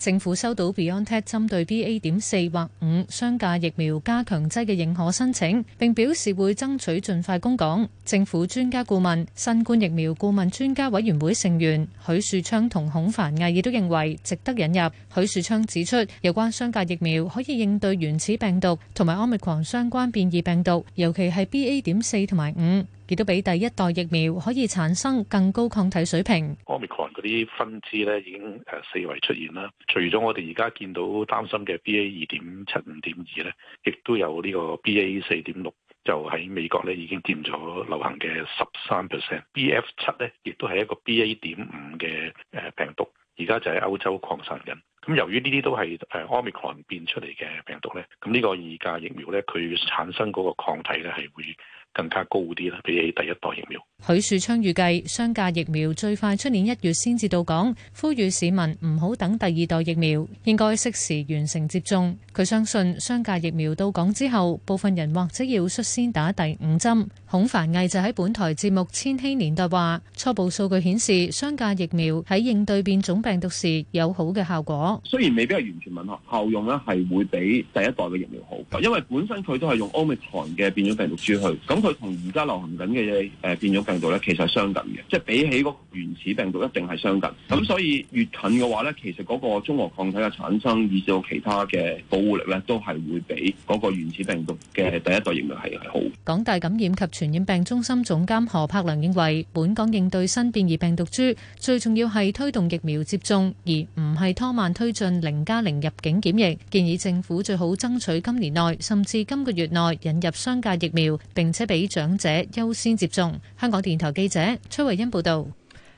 政府收到 BioNTech 針對 BA. 點四或五雙價疫苗加強劑嘅認可申請，並表示會爭取盡快供港。政府專家顧問、新冠疫苗顧問專家委員會成員許樹昌同孔繁毅亦都認為值得引入。許樹昌指出，有關雙價疫苗可以應對原始病毒同埋 Omicron 相關變異病毒，尤其係 BA. 點四同埋五。亦都比第一代疫苗可以產生更高抗體水平。Omicron 嗰啲分支咧已經誒四圍出現啦，除咗我哋而家見到擔心嘅 BA 二點七五點二咧，亦都有呢個 BA 四點六就喺美國咧已經佔咗流行嘅十三 percent。BF 七咧亦都係一個 BA 點五嘅誒病毒，而家就喺歐洲擴散緊。咁由於呢啲都係誒 Omicron 變出嚟嘅病毒咧，咁呢個二價疫苗咧，佢產生嗰個抗體咧係會，更加高啲啦，比起第一代疫苗。許樹昌預計雙價疫苗最快出年一月先至到港，呼籲市民唔好等第二代疫苗，應該適時完成接種。佢相信雙價疫苗到港之後，部分人或者要率先打第五針。孔繁毅就喺本台節目《千禧年代》話，初步數據顯示，雙價疫苗喺應對變種病毒時有好嘅效果。雖然未必係完全吻合，效用咧係會比第一代嘅疫苗好，因為本身佢都係用奧密克嘅變種病毒株去，咁佢同而家流行緊嘅誒變種病毒咧其實係相近嘅，即係比起嗰原始病毒一定係相近。咁所以越近嘅話咧，其實嗰個中和抗體嘅產生以至到其他嘅保護力咧，都係會比嗰個原始病毒嘅第一代疫苗係好。港大感染及傳染病中心總監何柏良認為，本港應對新變異病毒株最重要係推動疫苗接種，而唔係拖慢推進零加零入境檢疫。建議政府最好爭取今年內，甚至今個月內引入雙價疫苗，並且俾長者優先接種。香港電台記者崔慧欣報道。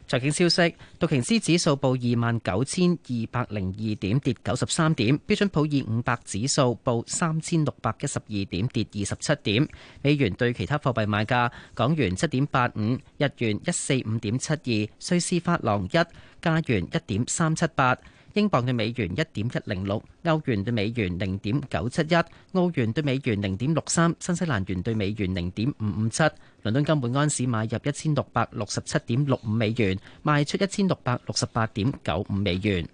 財經消息：道瓊斯指數報二萬九千二百零二點，跌九十三點；標準普爾五百指數報三千六百一十二點，跌二十七點。美元對其他貨幣買價：港元七點八五，日元一四五點七二，瑞士法郎一，加元一點三七八。英鎊對美元一點一零六，歐元對美元零點九七一，澳元對美元零點六三，新西蘭元對美元零點五五七。倫敦金每安士買入一千六百六十七點六五美元，賣出一千六百六十八點九五美元。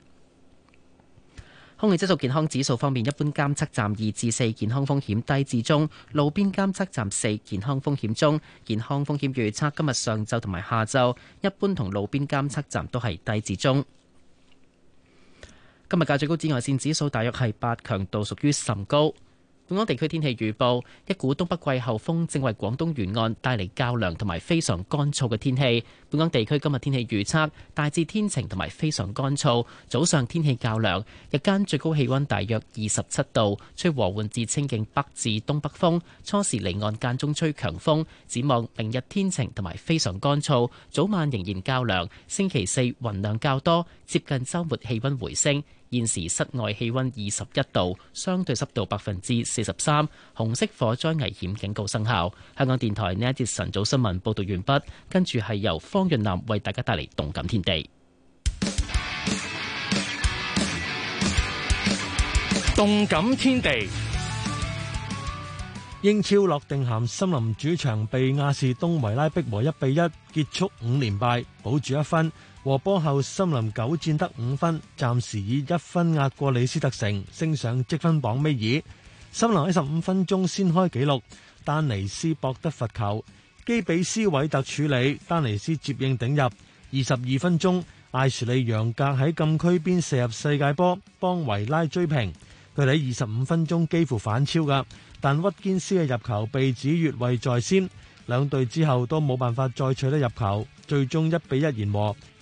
空氣質素健康指數方面，一般監測站二至四健康風險低至中，路邊監測站四健康風險中，健康風險預測今日上晝同埋下晝一般同路邊監測站都係低至中。今日嘅最高紫外線指數大約係八，強度屬於甚高。本港地區天氣預報，一股東北季候風正為廣東沿岸帶嚟較涼同埋非常乾燥嘅天氣。本港地區今日天氣預測大致天晴同埋非常乾燥，早上天氣較涼，日間最高氣温大約二十七度，吹和緩至清勁北至東北風，初時離岸間中吹強風，展望明日天晴同埋非常乾燥，早晚仍然較涼，星期四雲量較多，接近周末氣温回升。現時室外氣溫二十一度，相對濕度百分之四十三，紅色火災危險警告生效。香港電台呢一節晨早新聞報道完畢，跟住係由方潤南為大家帶嚟動感天地。動感天地， 英超諾定咸森林主場被阿士東維拉逼和一比一，結束五連敗，保住一分。和波後，森林九戰得五分，暫時以一分壓過李斯特城，升上積分榜尾二。森林喺十五分鐘先開紀錄，丹尼斯博得罰球，基比斯韋特處理，丹尼斯接應頂入。二十二分鐘，艾殊利楊格喺禁區邊射入世界波，幫維拉追平。佢哋喺二十五分鐘幾乎反超㗎，但屈堅斯嘅入球被指越位在先，兩隊之後都冇辦法再取得入球，最終一比一言和。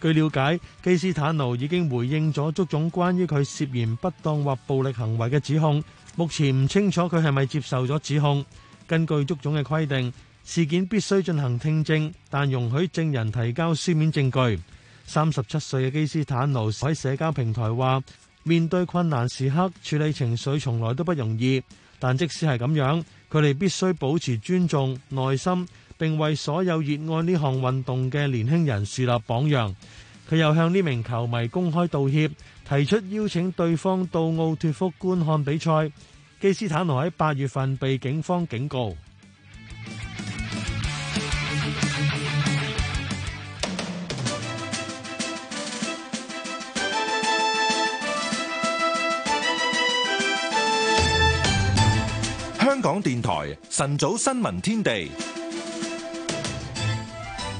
據了解，基斯坦奴已經回應咗足總關於佢涉嫌不當或暴力行為嘅指控，目前唔清楚佢係咪接受咗指控。根據足總嘅規定，事件必須進行聽證，但容許證人提交書面證據。三十七歲嘅基斯坦奴喺社交平台話：面對困難時刻，處理情緒從來都不容易，但即使係咁樣，佢哋必須保持尊重、耐心。並為所有熱愛呢項運動嘅年輕人樹立榜樣。佢又向呢名球迷公開道歉，提出邀請對方到奧脫福觀看比賽。基斯坦奴喺八月份被警方警告。香港電台晨早新聞天地。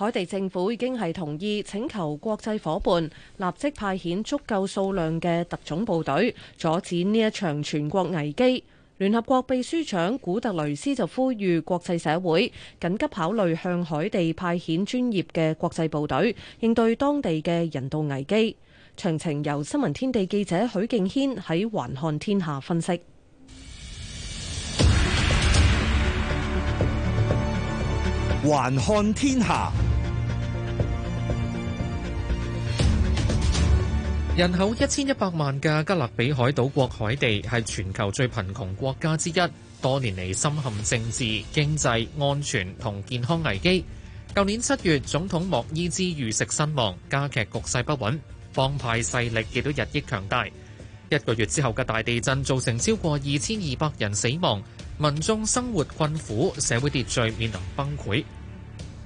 海地政府已經係同意請求國際夥伴立即派遣足夠數量嘅特種部隊，阻止呢一場全國危機。聯合國秘書長古特雷斯就呼籲國際社會緊急考慮向海地派遣專業嘅國際部隊，應對當地嘅人道危機。詳情由新聞天地記者許敬軒喺環看天下分析。環看天下。分析環看天下。人口一千一百萬嘅加勒比海島國海地係全球最貧窮國家之一，多年嚟深陷政治、經濟、安全同健康危機。舊年七月，總統莫伊茲遇食身亡，加劇局勢不穩，幫派勢力亦都日益強大。一個月之後嘅大地震造成超過二千二百人死亡，民眾生活困苦，社會秩序面臨崩潰。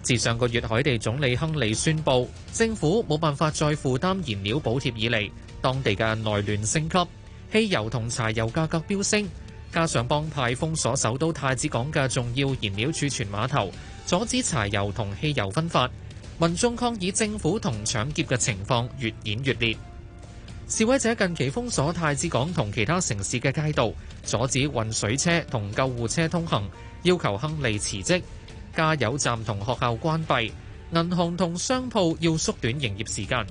自上個月海地總理亨利宣布政府冇辦法再負擔燃料補貼以嚟，當地嘅內亂升級，汽油同柴油價格飆升，加上幫派封鎖首都太子港嘅重要燃料儲存碼頭，阻止柴油同汽油分發，民眾抗議政府同搶劫嘅情況越演越烈。示威者近期封鎖太子港同其他城市嘅街道，阻止運水車同救護車通行，要求亨利辭職。加油站同學校關閉，銀行同商鋪要縮短營業時間。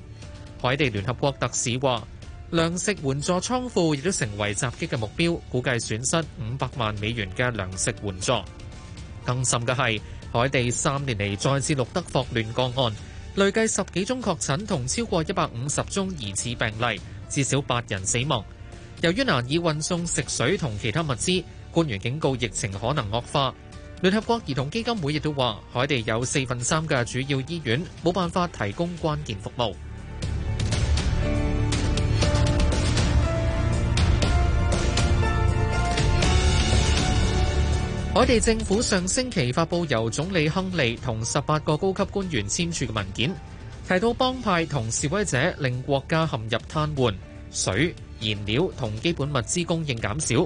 海地聯合國特使話，糧食援助倉庫亦都成為襲擊嘅目標，估計損失五百萬美元嘅糧食援助。更甚嘅係，海地三年嚟再次錄得霍亂個案，累計十幾宗確診同超過一百五十宗疑似病例，至少八人死亡。由於難以運送食水同其他物資，官員警告疫情可能惡化。聯合國兒童基金會亦都話，海地有四分三嘅主要醫院冇辦法提供關鍵服務。海地政府上星期發布由總理亨利同十八個高級官員簽署嘅文件，提到幫派同示威者令國家陷入癱瘓，水、燃料同基本物資供應減少。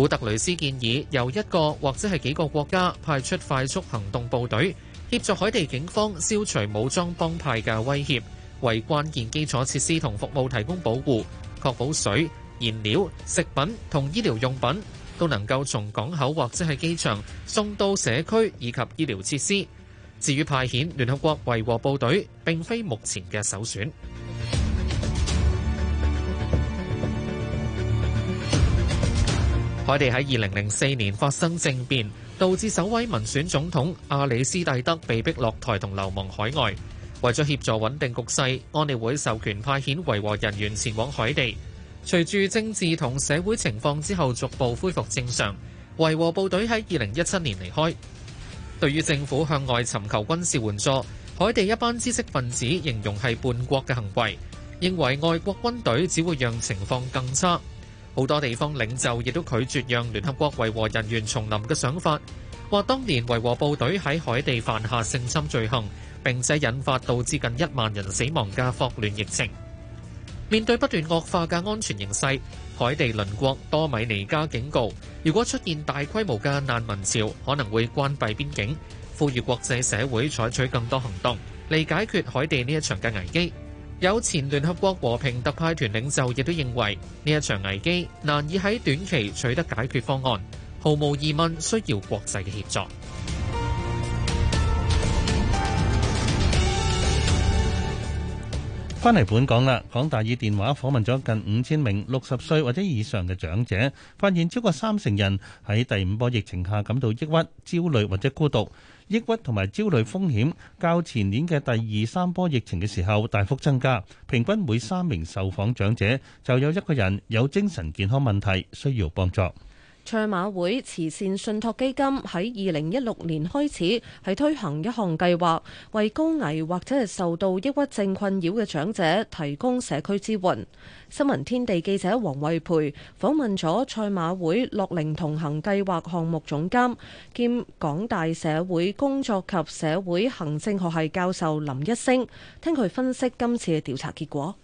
古特雷斯建議由一個或者係幾個國家派出快速行動部隊，協助海地警方，消除武裝幫派的威脅，為關鍵基礎設施和服務提供保護，確保水、燃料、食品和醫療用品都能夠從港口或者係機場送到社區，以及醫療設施。至於派遣聯合國維和部隊並非目前的首選。海地喺二零零四年發生政變，導致首位民選總統阿里斯蒂德被逼落台同流亡海外。為咗協助穩定局勢，安理會授權派遣維和人員前往海地。隨住政治同社會情況之後逐步恢復正常，維和部隊喺二零一七年離開。對於政府向外尋求軍事援助，海地一班知識分子形容係叛國嘅行為，認為外國軍隊只會讓情況更差。好多地方領袖亦都拒絕讓聯合國維和人員重臨嘅想法，話當年維和部隊喺海地犯下性侵罪行，並且引發導致近一萬人死亡嘅霍亂疫情。面對不斷惡化嘅安全形勢，海地鄰國多米尼加警告，如果出現大規模嘅難民潮，可能會關閉邊境，呼籲國際社會採取更多行動嚟解決海地呢一場嘅危機。有前聯合國和平特派團領袖亦都認為，呢一場危機難以喺短期取得解決方案，毫無疑問需要國際嘅協助。翻嚟本港啦，港大以電話訪問咗近五千名六十歲或者以上嘅長者，發現超過三成人喺第五波疫情下感到抑鬱、焦慮或者孤獨。抑鬱同埋焦慮風險較前年嘅第二、三波疫情嘅時候大幅增加，平均每三名受訪長者就有一個人有精神健康問題需要幫助。賽馬會慈善信託基金喺二零一六年開始係推行一項計劃，為高危或者係受到抑鬱症困擾嘅長者提供社區支援。新聞天地記者黃慧培訪問咗賽馬會樂齡同行計劃項目總監兼港大社會工作及社會行政學系教授林一星，聽佢分析今次嘅調查結果。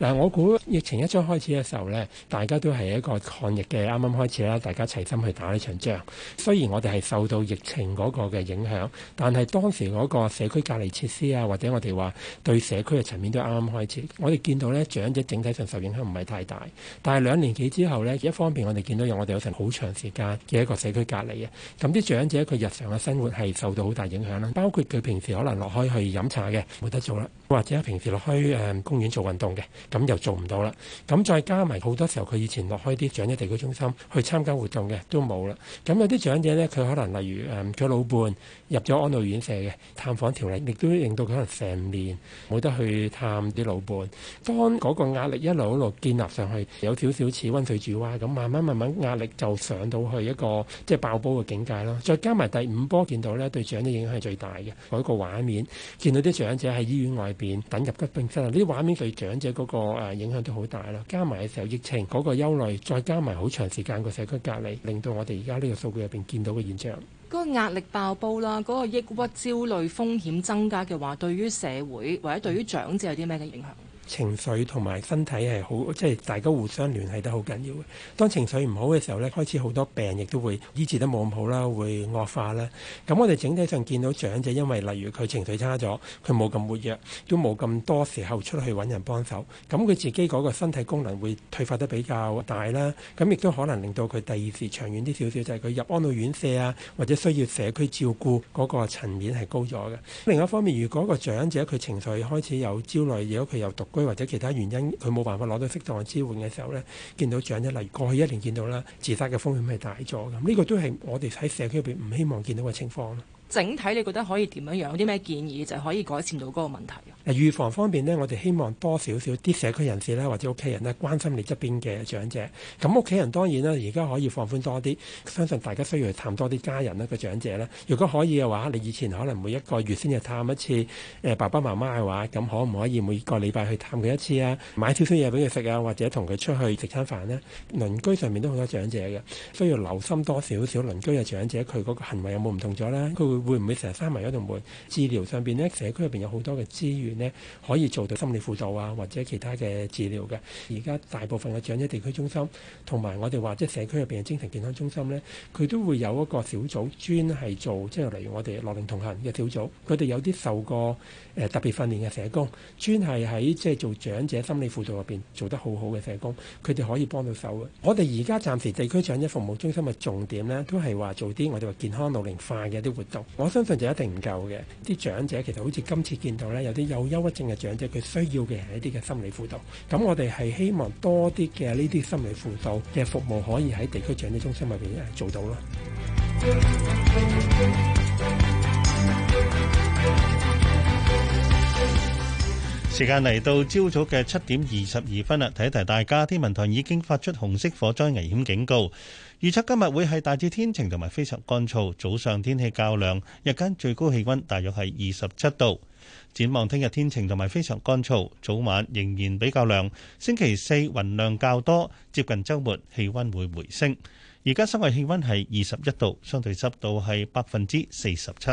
嗱，我估疫情一開始嘅時候呢，大家都係一個抗疫嘅啱啱開始啦，大家齊心去打呢場仗。雖然我哋係受到疫情嗰個嘅影響，但係當時嗰個社區隔離設施啊，或者我哋話對社區嘅層面都啱啱開始。我哋見到呢長者整體上受影響唔係太大。但係兩年幾之後呢，一方面我哋見到有我哋有成好長時間嘅一個社區隔離嘅，咁啲長者佢日常嘅生活係受到好大影響啦。包括佢平時可能落開去飲茶嘅，冇得做啦。或者平時落去誒、呃、公園做運動嘅，咁又做唔到啦。咁再加埋好多時候，佢以前落開啲長者地區中心去參加活動嘅，都冇啦。咁有啲長者呢，佢可能例如誒佢、呃、老伴。入咗安老院舍嘅探訪條例，亦都令到佢可能成年冇得去探啲老伴。當嗰個壓力一路一路建立上去，有少少似温水煮蛙咁，慢慢慢慢壓力就上到去一個即係爆煲嘅境界咯。再加埋第五波見到呢對長者影響係最大嘅。嗰個畫面見到啲長者喺醫院外邊等入急症室，呢啲畫面對長者嗰個誒影響都好大咯。加埋嘅時候疫情嗰個憂慮，再加埋好長時間個社區隔離，令到我哋而家呢個數據入邊見到嘅現象。嗰個壓力爆煲啦，嗰個抑鬱焦慮風險增加嘅話，對於社會或者對於長者有啲咩嘅影響？情緒同埋身體係好，即係大家互相聯繫得好緊要嘅。當情緒唔好嘅時候呢，開始好多病亦都會醫治得冇咁好啦，會惡化啦。咁我哋整體上見到長者，因為例如佢情緒差咗，佢冇咁活躍，都冇咁多時候出去揾人幫手，咁佢自己嗰個身體功能會退化得比較大啦。咁亦都可能令到佢第二時長遠啲少少，就係佢入安老院舍啊，或者需要社區照顧嗰個層面係高咗嘅。另一方面，如果個長者佢情緒開始有焦慮，如果佢有獨，或者其他原因，佢冇辦法攞到適當嘅支援嘅時候呢，見到長者例如過去一年見到啦，自殺嘅風險係大咗咁，呢、這個都係我哋喺社區入邊唔希望見到嘅情況。整體，你覺得可以點樣樣？有啲咩建議就係可以改善到嗰個問題啊？誒，預防方面咧，我哋希望多少少啲社區人士咧，或者屋企人咧，關心你側邊嘅長者。咁屋企人當然啦，而家可以放寬多啲，相信大家需要去探多啲家人啦個長者啦，如果可以嘅話，你以前可能每一個月先至探一次誒，爸爸媽媽嘅話，咁可唔可以每個禮拜去探佢一次啊？買少少嘢俾佢食啊，或者同佢出去食餐飯咧。鄰居上面都好多長者嘅，需要留心多少少鄰居嘅長者，佢嗰個行為有冇唔同咗咧？佢會。會唔會成日閂埋嗰道門？治療上邊呢，社區入邊有好多嘅資源呢，可以做到心理輔導啊，或者其他嘅治療嘅。而家大部分嘅長者地區中心，同埋我哋話即社區入邊嘅精神健康中心呢，佢都會有一個小組專係做，即係例如我哋樂齡同行嘅小組，佢哋有啲受過誒特別訓練嘅社工，專係喺即係做長者心理輔導入邊做得好好嘅社工，佢哋可以幫到手嘅。我哋而家暫時地區長者服務中心嘅重點呢，都係話做啲我哋話健康老齡化嘅一啲活動。我相信就一定唔夠嘅，啲長者其實好似今次見到呢，有啲有憂鬱症嘅長者，佢需要嘅係一啲嘅心理輔導。咁我哋係希望多啲嘅呢啲心理輔導嘅服務可以喺地區長者中心入邊做到咯。時間嚟到朝早嘅七點二十二分啦，提一提大家，天文台已經發出紅色火災危險警告。預測今日會係大致天晴同埋非常乾燥，早上天氣較涼，日間最高氣溫大約係二十七度。展望聽日天晴同埋非常乾燥，早晚仍然比較涼。星期四雲量較多，接近周末氣溫會回升。而家室外氣溫係二十一度，相對濕度係百分之四十七。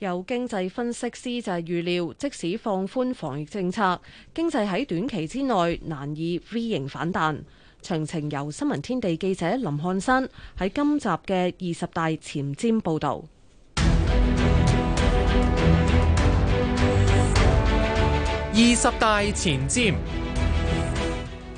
有經濟分析師就預料，即使放寬防疫政策，經濟喺短期之內難以 V 型反彈。詳情由新聞天地記者林漢山喺今集嘅二十大前瞻報導。二十大前瞻，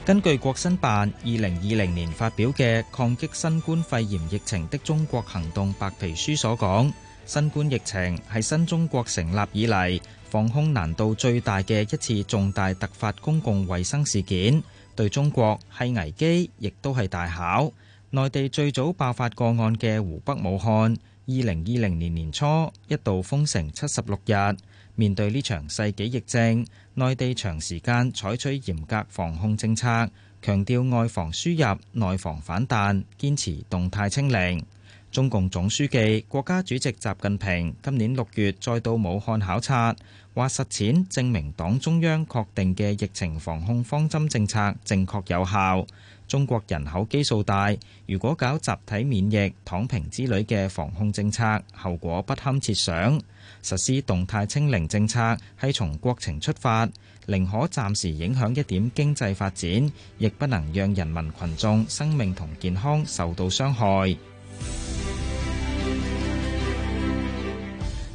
根據國新辦二零二零年發表嘅《抗擊新冠肺炎疫情的中國行動白皮書》所講。新冠疫情係新中國成立以嚟防控難度最大嘅一次重大突發公共衛生事件，對中國係危機，亦都係大考。內地最早爆發個案嘅湖北武漢，二零二零年年初一度封城七十六日。面對呢場世紀疫症，內地長時間採取嚴格防控政策，強調外防輸入、內防反彈，堅持動態清零。中共總書記、國家主席習近平今年六月再到武漢考察，話實踐證明黨中央確定嘅疫情防控方針政策正確有效。中國人口基數大，如果搞集體免疫、躺平之類嘅防控政策，後果不堪設想。實施動態清零政策係從國情出發，寧可暫時影響一點經濟發展，亦不能讓人民群眾生命同健康受到傷害。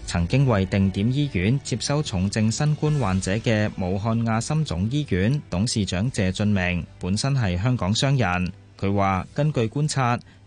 曾經為定點醫院接收重症新冠患者，嘅武漢亞心總醫院董事長謝俊明，本身係香港商人。佢話：根據觀察。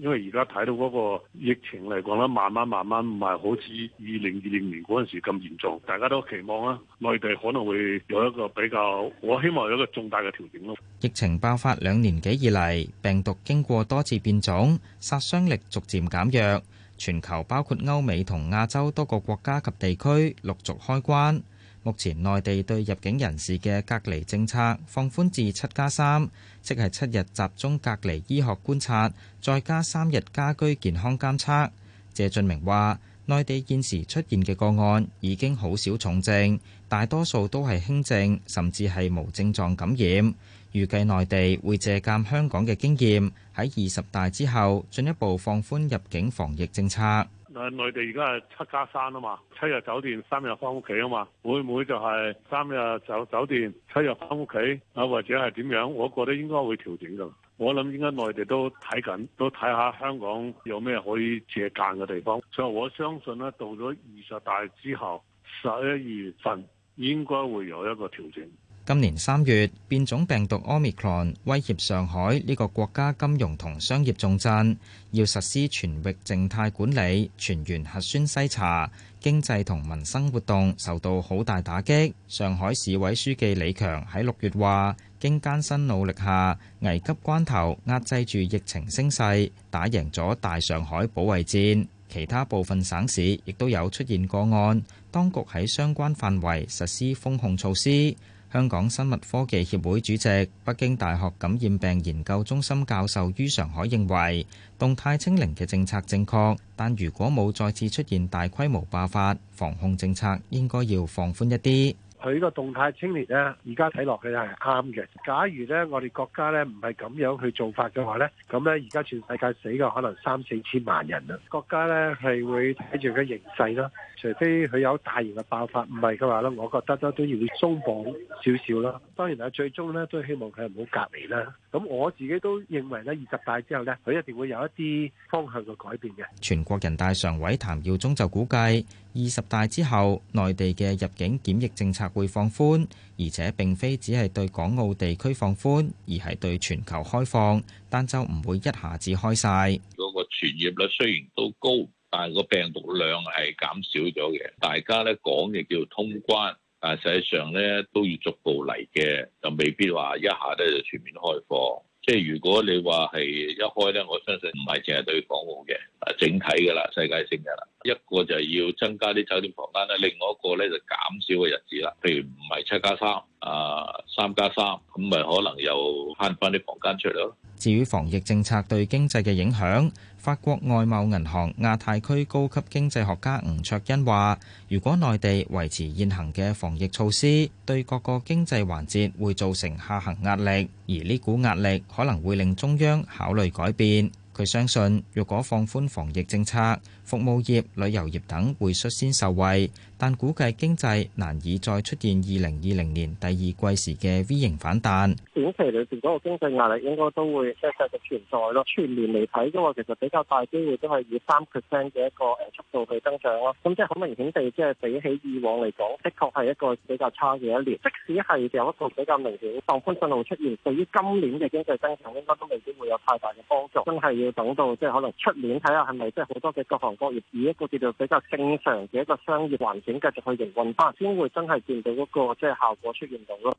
因為而家睇到嗰個疫情嚟講咧，慢慢慢慢唔係好似二零二零年嗰陣時咁嚴重，大家都期望啊，內地可能會有一個比較，我希望有一個重大嘅調整咯。疫情爆發兩年幾以嚟，病毒經過多次變種，殺傷力逐漸減弱，全球包括歐美同亞洲多個國家及地區陸續開關。目前內地對入境人士嘅隔離政策放寬至七加三。3，即係七日集中隔離醫學觀察，再加三日家居健康監測。謝俊明話，內地現時出現嘅個案已經好少重症，大多數都係輕症，甚至係無症狀感染。預計內地會借鑑香港嘅經驗，喺二十大之後進一步放寬入境防疫政策。內內地而家係七加三啊嘛，七日酒店，三日翻屋企啊嘛，會唔會就係三日酒酒店，七日翻屋企啊？或者係點樣？我覺得應該會調整噶。我諗應該內地都睇緊，都睇下香港有咩可以借鑑嘅地方。所以我相信咧，到咗二十大之後，十一月份應該會有一個調整。今年三月，變種病毒 Omicron 威脅上海呢個國家金融同商業重鎮，要實施全域靜態管理，全員核酸篩查，經濟同民生活動受到好大打擊。上海市委書記李強喺六月話，經艱辛努力下，危急關頭壓制住疫情升勢，打贏咗大上海保衛戰，其他部分省市亦都有出現個案，當局喺相關範圍實施封控措施。香港生物科技協會主席、北京大學感染病研究中心教授于常海認為，動態清零嘅政策正確，但如果冇再次出現大規模爆發，防控政策應該要放寬一啲。佢個動態清零咧，而家睇落去係啱嘅。假如咧，我哋國家咧唔係咁樣去做法嘅話咧，咁咧而家全世界死嘅可能三四千萬人啦。國家咧係會睇住佢形勢咯，除非佢有大型嘅爆發，唔係嘅話咧，我覺得都都要鬆綁少少啦。當然啦，最終咧都希望佢唔好隔離啦。咁我自己都認為咧，二十大之後咧，佢一定會有一啲方向嘅改變嘅。全國人大常委譚耀宗就估計，二十大之後，內地嘅入境檢疫政策會放寬，而且並非只係對港澳地區放寬，而係對全球開放。但就唔會一下子開曬。嗰個傳染率雖然都高，但係個病毒量係減少咗嘅。大家咧講嘅叫通關。但實際上咧，都要逐步嚟嘅，就未必話一下咧就全面開放。即係如果你話係一開咧，我相信唔係淨係對港澳嘅，啊整體嘅啦，世界性嘅啦。一個就係要增加啲酒店房間咧，另外一個咧就減少嘅日子啦。譬如唔係七加三啊，三加三，咁咪可能又慳返啲房間出嚟咯。至於防疫政策對經濟嘅影響，法國外貿銀行亞太區高級經濟學家吳卓恩話，如果內地維持現行嘅防疫措施，對各個經濟環節會造成下行壓力，而呢股壓力可能會令中央考慮改變。佢相信，若果放寬防疫政策，服務業、旅遊業等會率先受惠。但估計經濟難以再出現二零二零年第二季時嘅 V 型反彈。短期裏邊嗰個經濟壓力應該都會即係存在咯。全年嚟睇嘅話，其實比較大機會都係以三 percent 嘅一個誒速度去增長咯。咁即係好明顯地，即係比起以往嚟講，的確係一個比較差嘅一年。即使係有一個比較明顯放寬信號出現，對於今年嘅經濟增長應該都未必會有太大嘅幫助。真係要等到即係可能出年睇下係咪即係好多嘅各行各業以一個叫做比較正常嘅一個商業環境。點繼續去營運，先會真係見到個即係效果出現到咯。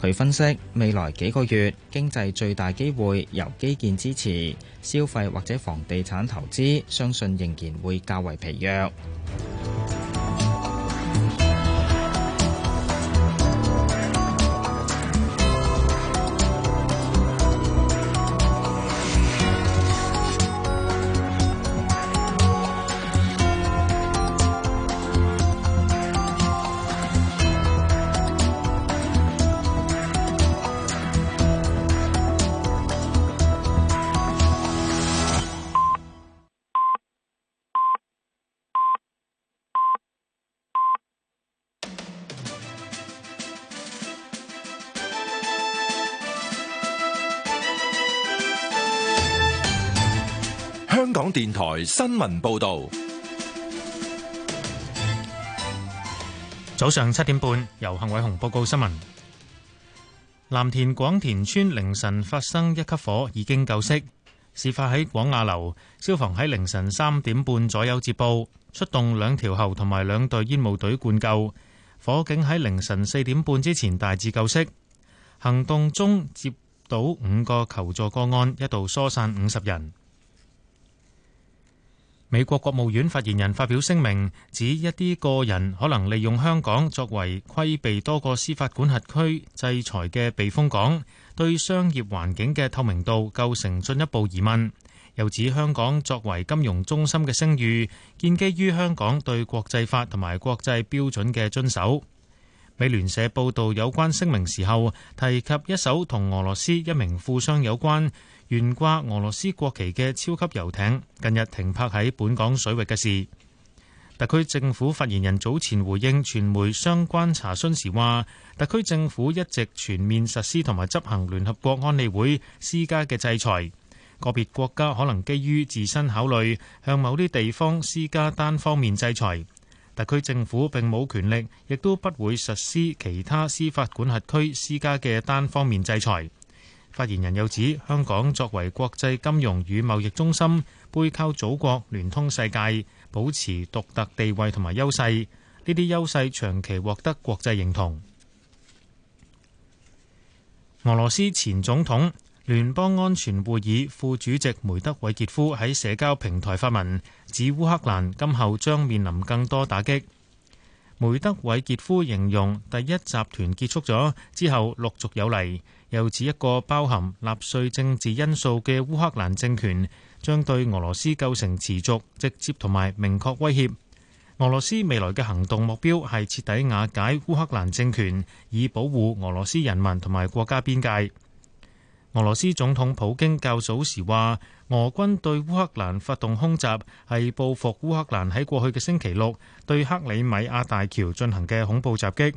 佢分析未來幾個月經濟最大機會由基建支持，消費或者房地產投資，相信仍然會較為疲弱。台新聞報道，早上七點半由幸偉雄報告新聞。藍田廣田村凌晨發生一級火，已經救熄。事發喺廣亞樓，消防喺凌晨三點半左右接報，出動兩條喉同埋兩隊煙霧隊灌救。火警喺凌晨四點半之前大致救熄。行動中接到五個求助個案，一度疏散五十人。美國國務院發言人發表聲明，指一啲個人可能利用香港作為規避多個司法管轄區制裁嘅避風港，對商業環境嘅透明度構成進一步疑問。又指香港作為金融中心嘅聲譽，建基於香港對國際法同埋國際標準嘅遵守。美聯社報道有關聲明時候提及一手同俄羅斯一名富商有關。懸掛俄羅斯國旗嘅超級遊艇近日停泊喺本港水域嘅事，特區政府發言人早前回應傳媒相關查詢時話，特區政府一直全面實施同埋執行聯合國安理會施加嘅制裁，個別國家可能基於自身考慮向某啲地方施加單方面制裁，特區政府並冇權力，亦都不會實施其他司法管轄區施加嘅單方面制裁。發言人又指，香港作為國際金融與貿易中心，背靠祖國，聯通世界，保持獨特地位同埋優勢。呢啲優勢長期獲得國際認同。俄羅斯前總統、聯邦安全會議副主席梅德韋傑夫喺社交平台發文，指烏克蘭今後將面臨更多打擊。梅德韋傑夫形容第一集團結束咗之後陸續有嚟，又指一個包含納粹政治因素嘅烏克蘭政權將對俄羅斯構成持續直接同埋明確威脅。俄羅斯未來嘅行動目標係徹底瓦解烏克蘭政權，以保護俄羅斯人民同埋國家邊界。俄羅斯總統普京較早時話，俄軍對烏克蘭發動空襲係報復烏克蘭喺過去嘅星期六對克里米亞大橋進行嘅恐怖襲擊。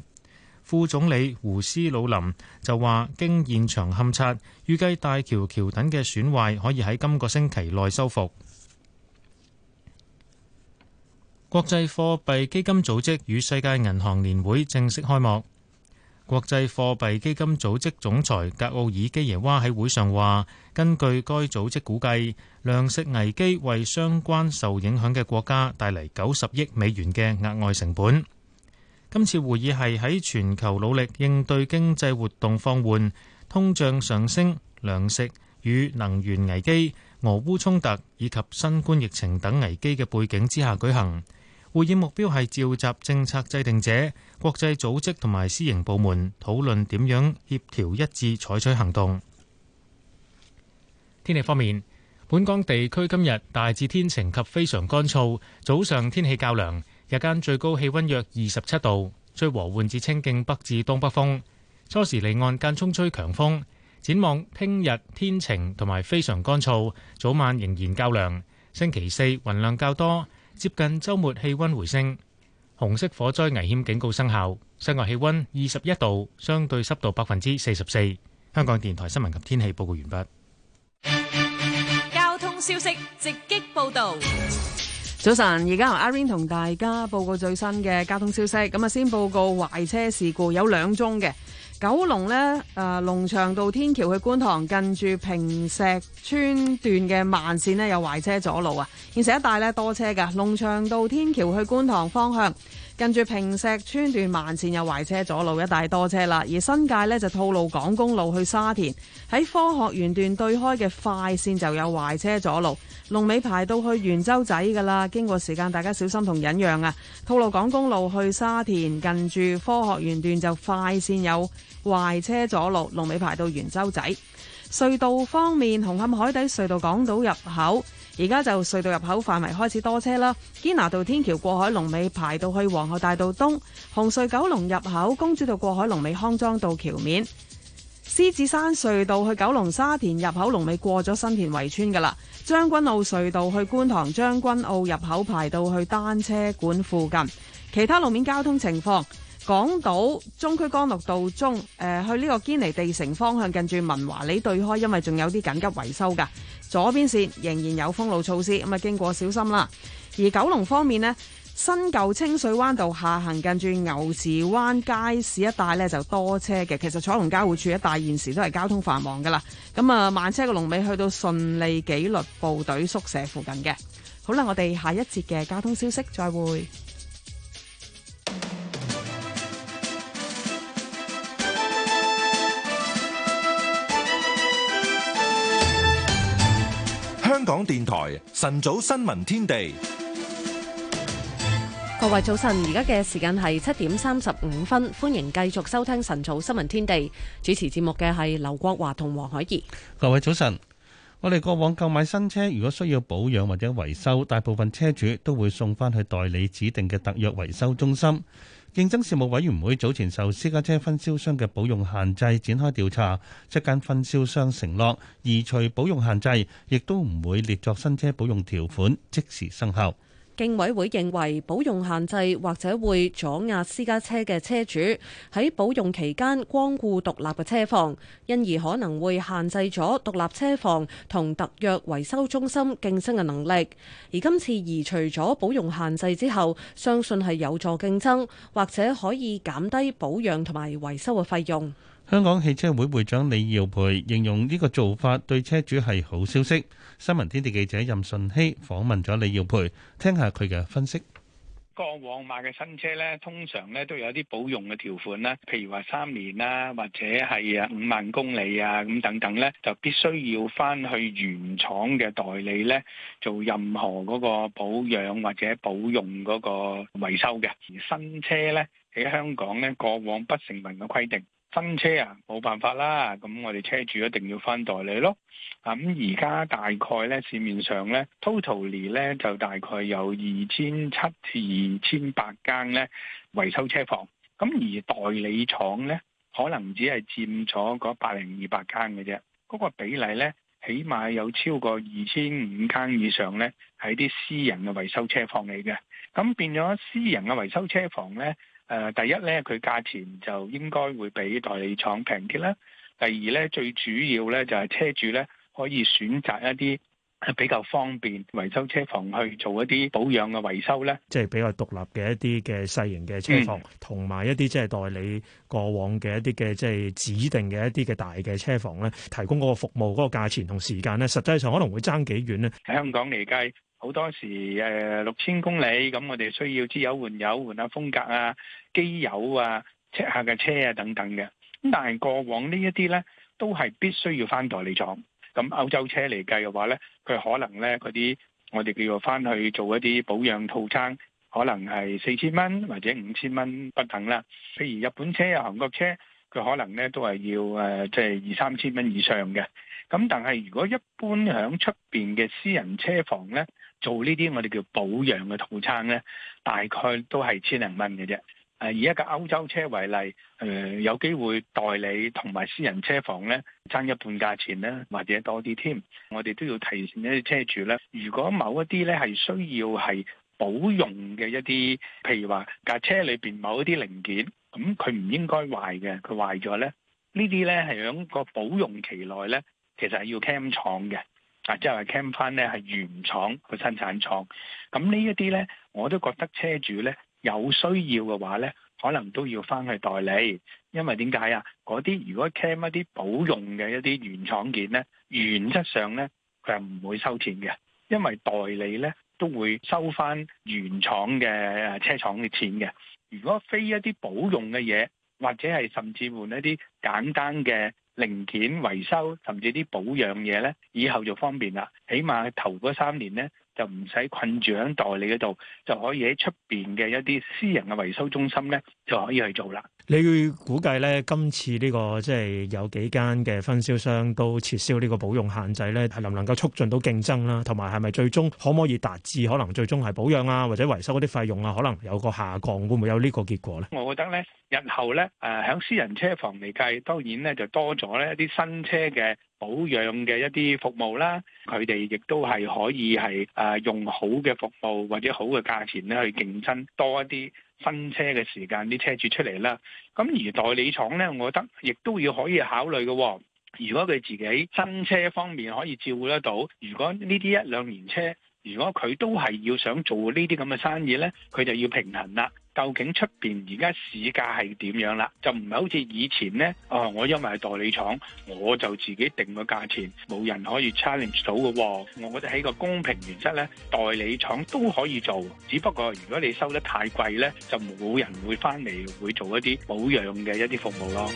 副總理胡斯魯林就話，經現場勘察，預計大橋橋墩嘅損壞可以喺今個星期內修復。國際貨幣基金組織與世界銀行年會正式開幕。國際貨幣基金組織總裁格奧爾基耶娃喺會上話，根據該組織估計，糧食危機為相關受影響嘅國家帶嚟九十億美元嘅額外成本。今次會議係喺全球努力應對經濟活動放緩、通脹上升、糧食與能源危機、俄烏衝突以及新冠疫情等危機嘅背景之下舉行。會議目標係召集政策制定者、國際組織同埋私營部門，討論點樣協調一致採取行動。天氣方面，本港地區今日大致天晴及非常乾燥，早上天氣較涼，日間最高氣温約二十七度，吹和緩至清勁北至東北風，初時離岸間中吹強風。展望聽日天晴同埋非常乾燥，早晚仍然較涼。星期四雲量較多。接近周末，氣温回升，紅色火災危險警告生效。室外氣温二十一度，相對濕度百分之四十四。香港電台新聞及天氣報告完畢。交通消息直擊報道。早晨，而家由阿 Ring 同大家報告最新嘅交通消息。咁啊，先報告壞車事故有兩宗嘅。九龍咧，誒、呃，龍翔道天橋去觀塘，近住平石村段嘅慢綫呢，又壞車阻路啊，現時一帶咧多車噶，龍翔道天橋去觀塘方向。近住平石村段慢線有壞車阻路，一大多車啦。而新界呢，就吐露港公路去沙田，喺科學園段對開嘅快線就有壞車阻路，龍尾排到去元洲仔噶啦。經過時間，大家小心同忍讓啊！吐露港公路去沙田，近住科學園段就快線有壞車阻路，龍尾排到元洲仔。隧道方面，紅磡海底隧道港島入口而家就隧道入口範圍開始多車啦。堅拿道天橋過海龍尾排到去皇后大道東，紅隧九龍入口公主道過海龍尾康莊道橋面，獅子山隧道去九龍沙田入口龍尾過咗新田圍村㗎喇。將軍澳隧道去觀塘將軍澳入口排到去單車館附近，其他路面交通情況。港島中區干諾道中，誒、呃、去呢個堅尼地城方向近住文華里對開，因為仲有啲緊急維修噶，左邊線仍然有封路措施，咁啊經過小心啦。而九龍方面咧，新舊清水灣道下行近住牛池灣街市一帶咧就多車嘅，其實彩虹交匯處一帶現時都係交通繁忙噶啦，咁啊慢車嘅龍尾去到順利紀律部隊宿舍附近嘅。好啦，我哋下一節嘅交通消息再會。香港電台晨早新聞天地，各位早晨，而家嘅時間係七點三十五分，歡迎繼續收聽晨早新聞天地。主持節目嘅係劉國華同黃海怡。各位早晨，我哋過往購買新車，如果需要保養或者維修，大部分車主都會送翻去代理指定嘅特約維修中心。競爭事務委員會早前受私家車分銷商嘅保用限制展開調查，七間分銷商承諾移除保用限制，亦都唔會列作新車保用條款，即時生效。競委會認為保用限制或者會阻壓私家車嘅車主喺保用期間光顧獨立嘅車房，因而可能會限制咗獨立車房同特約維修中心競爭嘅能力。而今次移除咗保用限制之後，相信係有助競爭，或者可以減低保養同埋維修嘅費用。香港汽車會會長李耀培形容呢個做法對車主係好消息。新聞天地記者任順熙訪問咗李耀培，聽下佢嘅分析。過往買嘅新車呢，通常呢都有啲保用嘅條款啦，譬如話三年啦，或者係啊五萬公里啊咁等等呢，就必須要翻去原廠嘅代理呢做任何嗰個保養或者保用嗰個維修嘅。而新車呢，喺香港呢，過往不成文嘅規定，新車啊冇辦法啦，咁我哋車主一定要翻代理咯。咁而家大概呢市面上呢 total 呢就大概有二千七至二千八間呢維修車房，咁而代理廠呢，可能只係佔咗嗰百零二百間嘅啫，嗰、那個比例呢，起碼有超過二千五間以上呢，喺啲私人嘅維修車房嚟嘅，咁變咗私人嘅維修車房呢，誒、呃、第一呢，佢價錢就應該會比代理廠平啲啦，第二呢，最主要呢，就係、是、車主呢。可以選擇一啲比較方便維修車房去做一啲保養嘅維修呢，即係比較獨立嘅一啲嘅細型嘅車房，同埋、嗯、一啲即係代理過往嘅一啲嘅即係指定嘅一啲嘅大嘅車房呢，提供嗰個服務嗰個價錢同時間呢，實際上可能會爭幾遠呢。喺香港嚟計，好多時誒六千公里咁，我哋需要之有換油、換下風格啊、機油啊、check 下嘅車啊等等嘅。咁但係過往呢一啲呢，都係必須要返代理廠。咁歐洲車嚟計嘅話呢，佢可能呢嗰啲我哋叫做翻去做一啲保養套餐，可能係四千蚊或者五千蚊不等啦。譬如日本車、韓國車，佢可能呢都係要誒，即係二三千蚊以上嘅。咁但係如果一般喺出邊嘅私人車房呢，做呢啲我哋叫保養嘅套餐呢，大概都係千零蚊嘅啫。誒以一架歐洲車為例，誒、呃、有機會代理同埋私人車房咧，爭一半價錢咧，或者多啲添。我哋都要提醒一啲車主咧，如果某一啲咧係需要係保用嘅一啲，譬如話架車裏邊某一啲零件，咁佢唔應該壞嘅，佢壞咗咧，呢啲咧係喺個保用期內咧，其實係要 cam 廠嘅，啊即係 cam 翻咧係原廠個生產廠。咁、嗯、呢一啲咧，我都覺得車主咧。有需要嘅話呢，可能都要翻去代理，因為點解啊？嗰啲如果 claim 一啲保用嘅一啲原廠件呢，原則上呢，佢係唔會收錢嘅，因為代理呢都會收翻原廠嘅車廠嘅錢嘅。如果非一啲保用嘅嘢，或者係甚至換一啲簡單嘅零件維修，甚至啲保養嘢呢，以後就方便啦。起碼頭嗰三年呢。就唔使困住響代理嗰度，就可以喺出邊嘅一啲私人嘅維修中心咧，就可以去做啦。你估計咧，今次呢個即係有幾間嘅分銷商都撤銷呢個保用限制咧，係能唔能夠促進到競爭啦？同埋係咪最終可唔可以達至可能最終係保養啊或者維修嗰啲費用啊，可能有個下降，會唔會有呢個結果咧？我覺得咧，日後咧誒響私人車房嚟計當然咧就多咗咧一啲新車嘅。保養嘅一啲服務啦，佢哋亦都係可以係誒用好嘅服務或者好嘅價錢咧去競爭多一啲新車嘅時間啲車主出嚟啦。咁而代理廠呢，我覺得亦都要可以考慮嘅。如果佢自己新車方面可以照顧得到，如果呢啲一兩年車。如果佢都係要想做呢啲咁嘅生意呢，佢就要平衡啦。究竟出邊而家市價係點樣啦？就唔係好似以前呢。哦，我因為係代理廠，我就自己定個價錢，冇人可以 challenge 到嘅。哦。我我覺得喺個公平原則呢，代理廠都可以做。只不過如果你收得太貴呢，就冇人會翻嚟，會做一啲保養嘅一啲服務咯。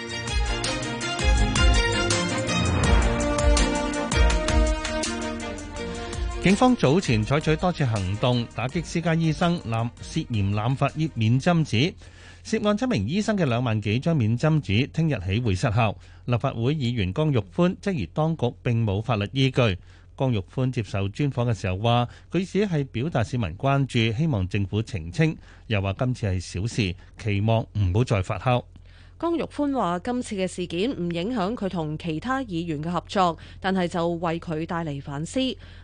警方早前採取多次行動，打擊私家醫生濫涉嫌濫發熱免針紙。涉案七名醫生嘅兩萬幾張免針紙，聽日起會失效。立法會議員江玉歡質疑當局並冇法律依據。江玉歡接受專訪嘅時候話，佢只係表達市民關注，希望政府澄清，又話今次係小事，期望唔好再發酵。江玉歡話：今次嘅事件唔影響佢同其他議員嘅合作，但係就為佢帶嚟反思。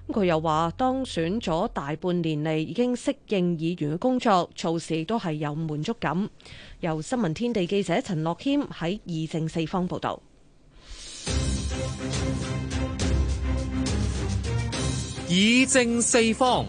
佢又話當選咗大半年嚟，已經適應議員嘅工作，做事都係有滿足感。由新聞天地記者陳樂謙喺《議政四方》報道，《議政四方》。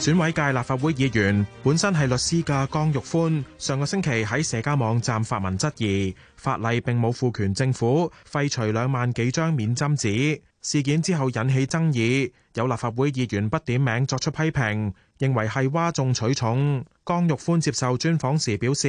選委界立法會議員本身係律師嘅江玉歡，上個星期喺社交網站發文質疑法例，并冇賦權政府廢除兩萬幾張免針紙。事件之後引起爭議，有立法會議員不點名作出批評，認為係嘩眾取寵。江玉歡接受專訪時表示，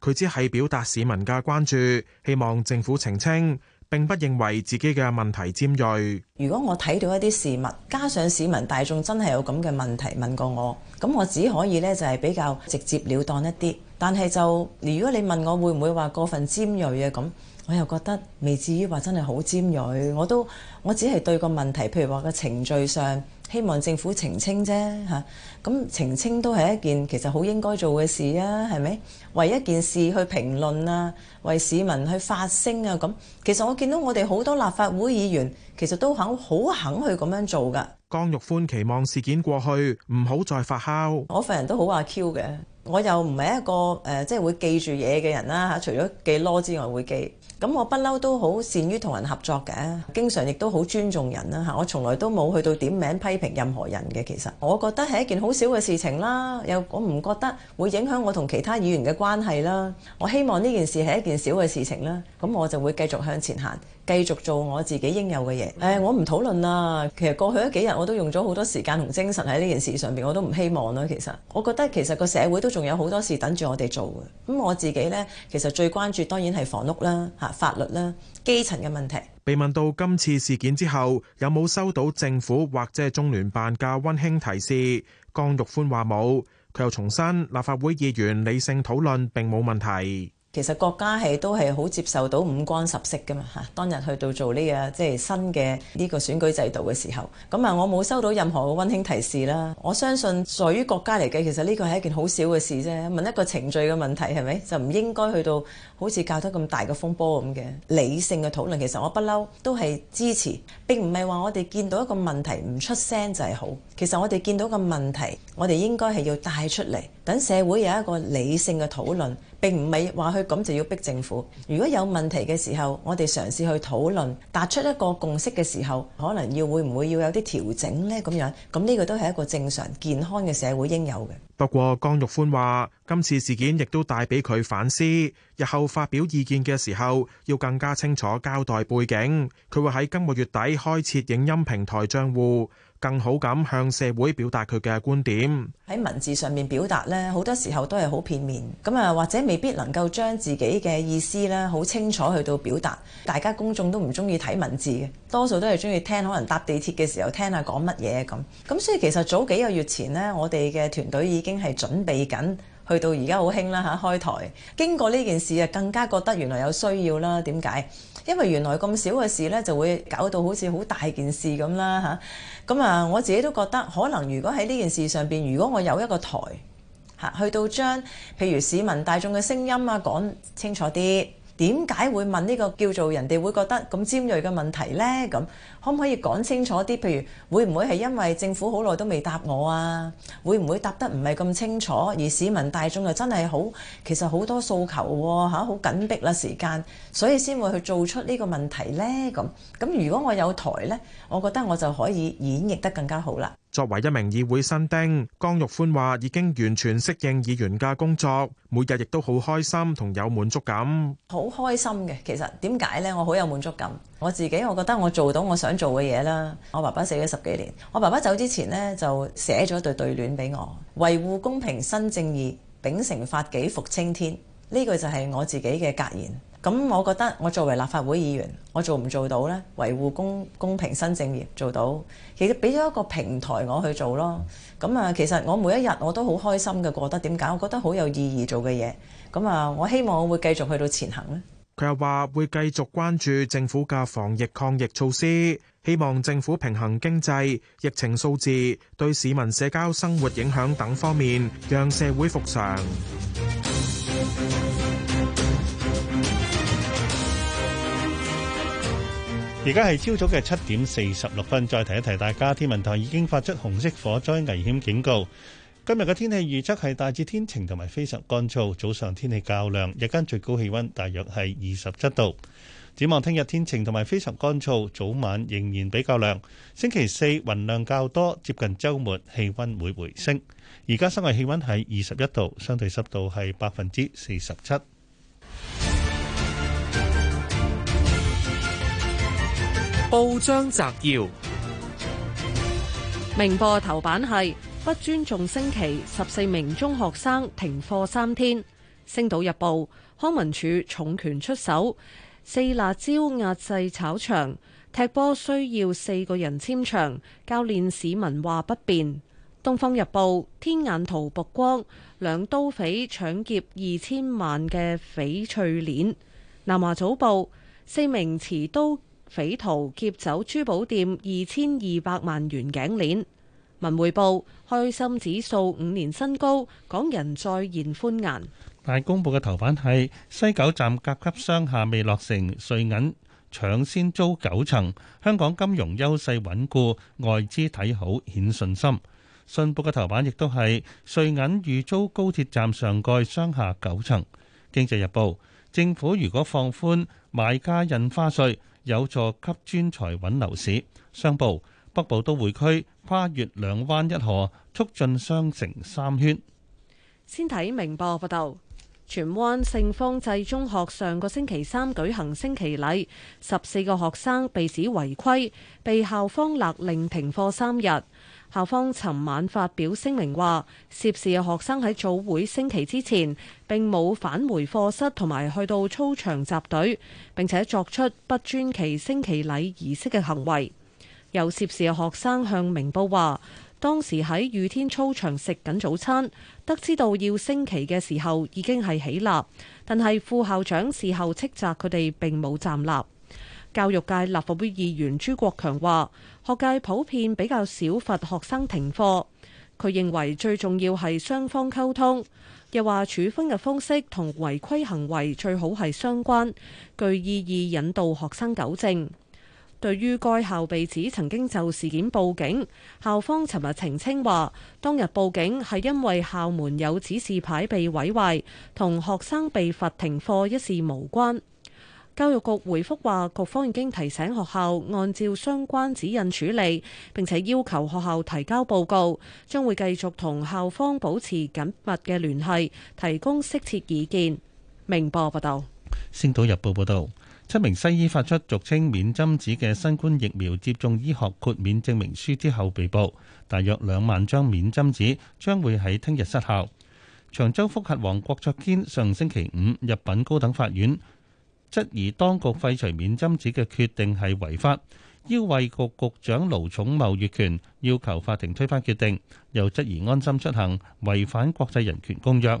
佢只係表達市民嘅關注，希望政府澄清。並不認為自己嘅問題尖銳。如果我睇到一啲事物，加上市民大眾真係有咁嘅問題問過我，咁我只可以咧就係比較直接了當一啲。但係就如果你問我會唔會話過分尖銳啊？咁我又覺得未至於話真係好尖銳。我都我只係對個問題，譬如話個程序上希望政府澄清啫吓。咁澄清都係一件其實好應該做嘅事啊，係咪？為一件事去評論啊，為市民去發聲啊，咁其實我見到我哋好多立法會議員其實都肯好肯去咁樣做㗎。江玉歡期望事件過去，唔好再發酵。我份人都好阿 Q 嘅。我又唔係一個誒、呃，即係會記住嘢嘅人啦嚇、啊，除咗記囉之外會記，咁我不嬲都好善於同人合作嘅，經常亦都好尊重人啦嚇、啊，我從來都冇去到點名批評任何人嘅，其實我覺得係一件好小嘅事情啦，又我唔覺得會影響我同其他議員嘅關係啦，我希望呢件事係一件小嘅事情啦，咁我就會繼續向前行。繼續做我自己應有嘅嘢。誒，我唔討論啦。其實過去嗰幾日我都用咗好多時間同精神喺呢件事上邊，我都唔希望咯。其實我覺得其實個社會都仲有好多事等住我哋做嘅。咁我自己呢，其實最關注當然係房屋啦、吓法律啦、基層嘅問題。被問到今次事件之後有冇收到政府或者係中聯辦嘅温馨提示，江玉歡話冇。佢又重申立法會議員理性討論並冇問題。其實國家係都係好接受到五光十色噶嘛嚇，啊，當日去到做呢，呢個即係新嘅呢個選舉制度嘅時候，咁啊我冇收到任何嘅温馨提示啦。我相信在於國家嚟計，其實呢個係一件好小嘅事啫。問一個程序嘅問題係咪就唔應該去到好似搞得咁大嘅風波？咁嘅理性嘅討論。其實我不嬲都係支持，並唔係話我哋見到一個問題唔出聲就係好。其實我哋見到個問題，我哋應該係要帶出嚟，等社會有一個理性嘅討論。並唔係話佢咁就要逼政府。如果有問題嘅時候，我哋嘗試去討論，達出一個共識嘅時候，可能要會唔會要有啲調整呢？咁樣。咁呢個都係一個正常健康嘅社會應有嘅。不過，江玉歡話：今次事件亦都帶俾佢反思，日後發表意見嘅時候要更加清楚交代背景。佢會喺今個月底開設影音平台賬戶。更好咁向社會表達佢嘅觀點，喺文字上面表達呢，好多時候都係好片面，咁啊或者未必能夠將自己嘅意思呢好清楚去到表達，大家公眾都唔中意睇文字嘅，多數都係中意聽，可能搭地鐵嘅時候聽下講乜嘢咁。咁所以其實早幾個月前呢，我哋嘅團隊已經係準備緊。去到而家好興啦嚇，開台經過呢件事啊，更加覺得原來有需要啦。點解？因為原來咁少嘅事咧，就會搞到好似好大件事咁啦嚇。咁啊，我自己都覺得，可能如果喺呢件事上邊，如果我有一個台嚇，去到將譬如市民大眾嘅聲音啊講清楚啲，點解會問呢個叫做人哋會覺得咁尖鋭嘅問題呢？咁。可唔可以講清楚啲？譬如會唔會係因為政府好耐都未答我啊？會唔會答得唔係咁清楚？而市民大眾又真係好，其實好多訴求吓、啊、好緊迫啦時間，所以先會去做出呢個問題咧。咁咁如果我有台咧，我覺得我就可以演繹得更加好啦。作為一名議會新丁，江玉歡話已經完全適應議員嘅工作，每日亦都好開心同有滿足感。好開心嘅，其實點解咧？我好有滿足感，我自己我覺得我做到我想。想做嘅嘢啦，我爸爸死咗十幾年，我爸爸走之前呢，就寫咗一對對聯俾我，維護公平新正義，秉承法紀服青天，呢個就係我自己嘅格言。咁我覺得我作為立法會議員，我做唔做到呢？維護公公平新正義，做到，其實俾咗一個平台我去做咯。咁啊，其實我每一日我都好開心嘅過得，點解？我覺得好有意義做嘅嘢。咁啊，我希望我會繼續去到前行咧。佢又話會繼續關注政府嘅防疫抗疫措施，希望政府平衡經濟、疫情數字、對市民社交生活影響等方面，讓社會復常。而家係朝早嘅七點四十六分，再提一提大家，天文台已經發出紅色火災危險警告。今日嘅天氣預測係大致天晴同埋非常乾燥，早上天氣較涼，日間最高氣溫大約係二十七度。展望聽日天晴同埋非常乾燥，早晚仍然比較涼。星期四雲量較多，接近周末氣溫會回升。而家室外氣溫係二十一度，相對濕度係百分之四十七。報章摘要，明報頭版係。不尊重升旗，十四名中學生停課三天。星島日報，康文署重拳出手，四辣椒壓制炒場。踢波需要四個人簽場，教練市民話不便。東方日報，天眼圖曝光兩刀匪搶劫二千萬嘅翡翠鏈。南華早報，四名持刀匪徒劫走珠寶店二千二百萬元頸鏈。文匯報開心指數五年新高，港人再現歡顏。大公報嘅頭版係西九站甲級商廈未落成瑞銀，瑞銀搶先租九層。香港金融優勢穩固，外資睇好顯信心。信報嘅頭版亦都係瑞銀預租高鐵站上蓋商廈九層。經濟日報，政府如果放寬買家印花稅，有助吸專才穩樓市。商報北部都會區。跨越兩灣一河，促進雙城三圈。先睇明報報導，荃灣聖芳濟中學上個星期三舉行升旗禮，十四個學生被指違規，被校方勒令停課三日。校方尋晚發表聲明話，涉事嘅學生喺早會升旗之前並冇返回課室同埋去到操場集隊，並且作出不遵期升旗禮儀式嘅行為。有涉事嘅學生向明報話：當時喺雨天操場食緊早餐，得知到要升旗嘅時候已經係起立，但係副校長事後斥責佢哋並冇站立。教育界立法會議員朱國強話：學界普遍比較少罰學生停課，佢認為最重要係雙方溝通，又話處分嘅方式同違規行為最好係相關，具意義引導學生糾正。對於該校被指曾經就事件報警，校方尋日澄清話，當日報警係因為校門有指示牌被毀壞，同學生被罰停課一事無關。教育局回覆話，局方已經提醒學校按照相關指引處理，並且要求學校提交報告，將會繼續同校方保持緊密嘅聯繫，提供適切意見。明報報道，《星島日報》報道。七名西醫發出俗稱免針紙嘅新冠疫苗接種醫學豁免證明書之後被捕，大約兩萬張免針紙將會喺聽日失效。長洲復核王郭卓堅上星期五入稟高等法院，質疑當局廢除免針紙嘅決定係違法。醫衞局局長盧寵茂越權要求法庭推翻決定，又質疑安心出行違反國際人權公約。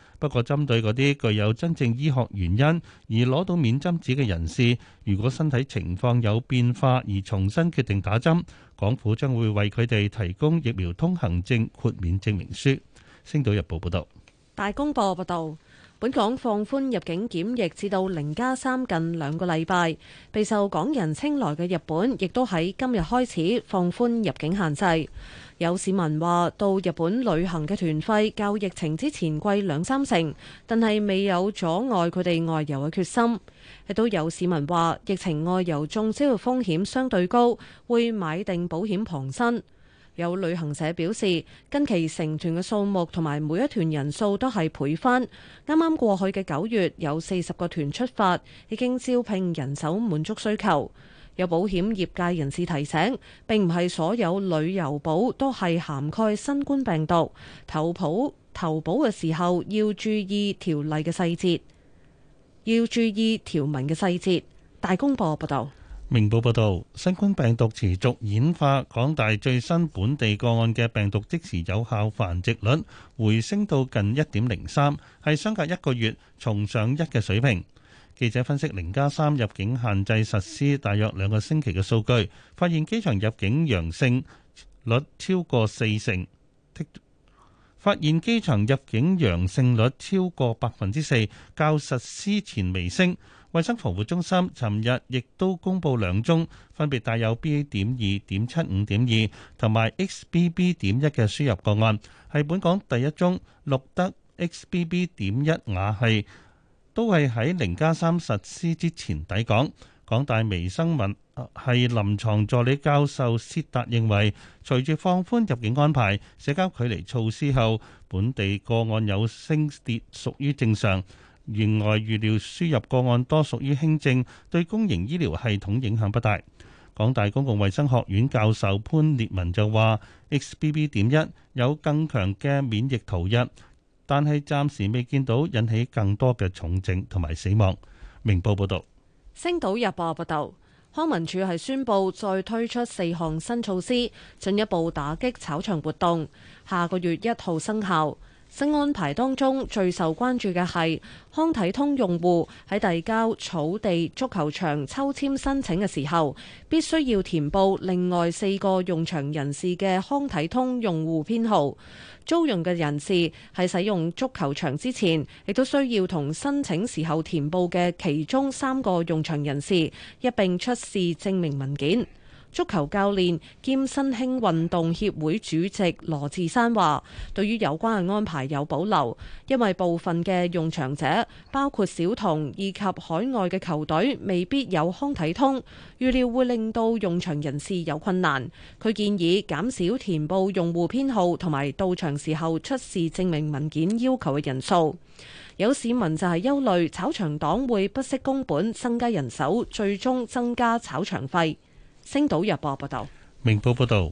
不過，針對嗰啲具有真正醫學原因而攞到免針紙嘅人士，如果身體情況有變化而重新決定打針，港府將會為佢哋提供疫苗通行證豁免證明書。星島日報報道，大公報報道，本港放寬入境檢疫至到零加三近兩個禮拜，備受港人青睞嘅日本，亦都喺今日開始放寬入境限制。有市民話：到日本旅行嘅團費較疫情之前貴兩三成，但係未有阻礙佢哋外遊嘅決心。亦都有市民話：疫情外遊中招嘅風險相對高，會買定保險傍身。有旅行社表示，近期成團嘅數目同埋每一團人數都係倍翻。啱啱過去嘅九月，有四十個團出發，已經招聘人手滿足需求。有保險業界人士提醒，並唔係所有旅遊保都係涵蓋新冠病毒。投保，投保嘅時候要注意條例嘅細節，要注意條文嘅細節。大公報報道。明報報道，新冠病毒持續演化。港大最新本地個案嘅病毒即時有效繁殖率回升到近一點零三，係相隔一個月重上一嘅水平。記者分析零加三入境限制實施大約兩個星期嘅數據，發現機場入境陽性率超過四成，發現機場入境陽性率超過百分之四，較實施前微升。衞生防護中心尋日亦都公布兩宗，分別帶有 B. A. 點二、點七五、點二同埋 X. B. B. 點一嘅輸入個案，係本港第一宗錄得 X. B. B. 點一亞系。都係喺零加三實施之前抵港。港大微生物係臨床助理教授薛達認為，隨住放寬入境安排、社交距離措施後，本地個案有升跌屬於正常。原來預料輸入個案多屬於輕症，對公營醫療系統影響不大。港大公共衛生學院教授潘烈文就話：XBB. 點一有更強嘅免疫逃逸。但係暫時未見到引起更多嘅重症同埋死亡。明報報道，星島日報報道，康文署係宣布再推出四項新措施，進一步打擊炒場活動，下個月一號生效。新安排當中最受關注嘅係康體通用戶喺遞交草地足球場抽籤申請嘅時候，必須要填報另外四個用場人士嘅康體通用戶編號。租用嘅人士喺使用足球場之前，亦都需要同申請時候填報嘅其中三個用場人士一並出示證明文件。足球教練兼新興運動協會主席羅志山話，對於有關嘅安排有保留，因為部分嘅用場者包括小童以及海外嘅球隊未必有康體通，預料會令到用場人士有困難。佢建議減少填報用戶編號同埋到場時候出示證明文件要求嘅人數。有市民就係憂慮炒場黨會不惜工本增加人手，最終增加炒場費。星島日報報道，明報報道，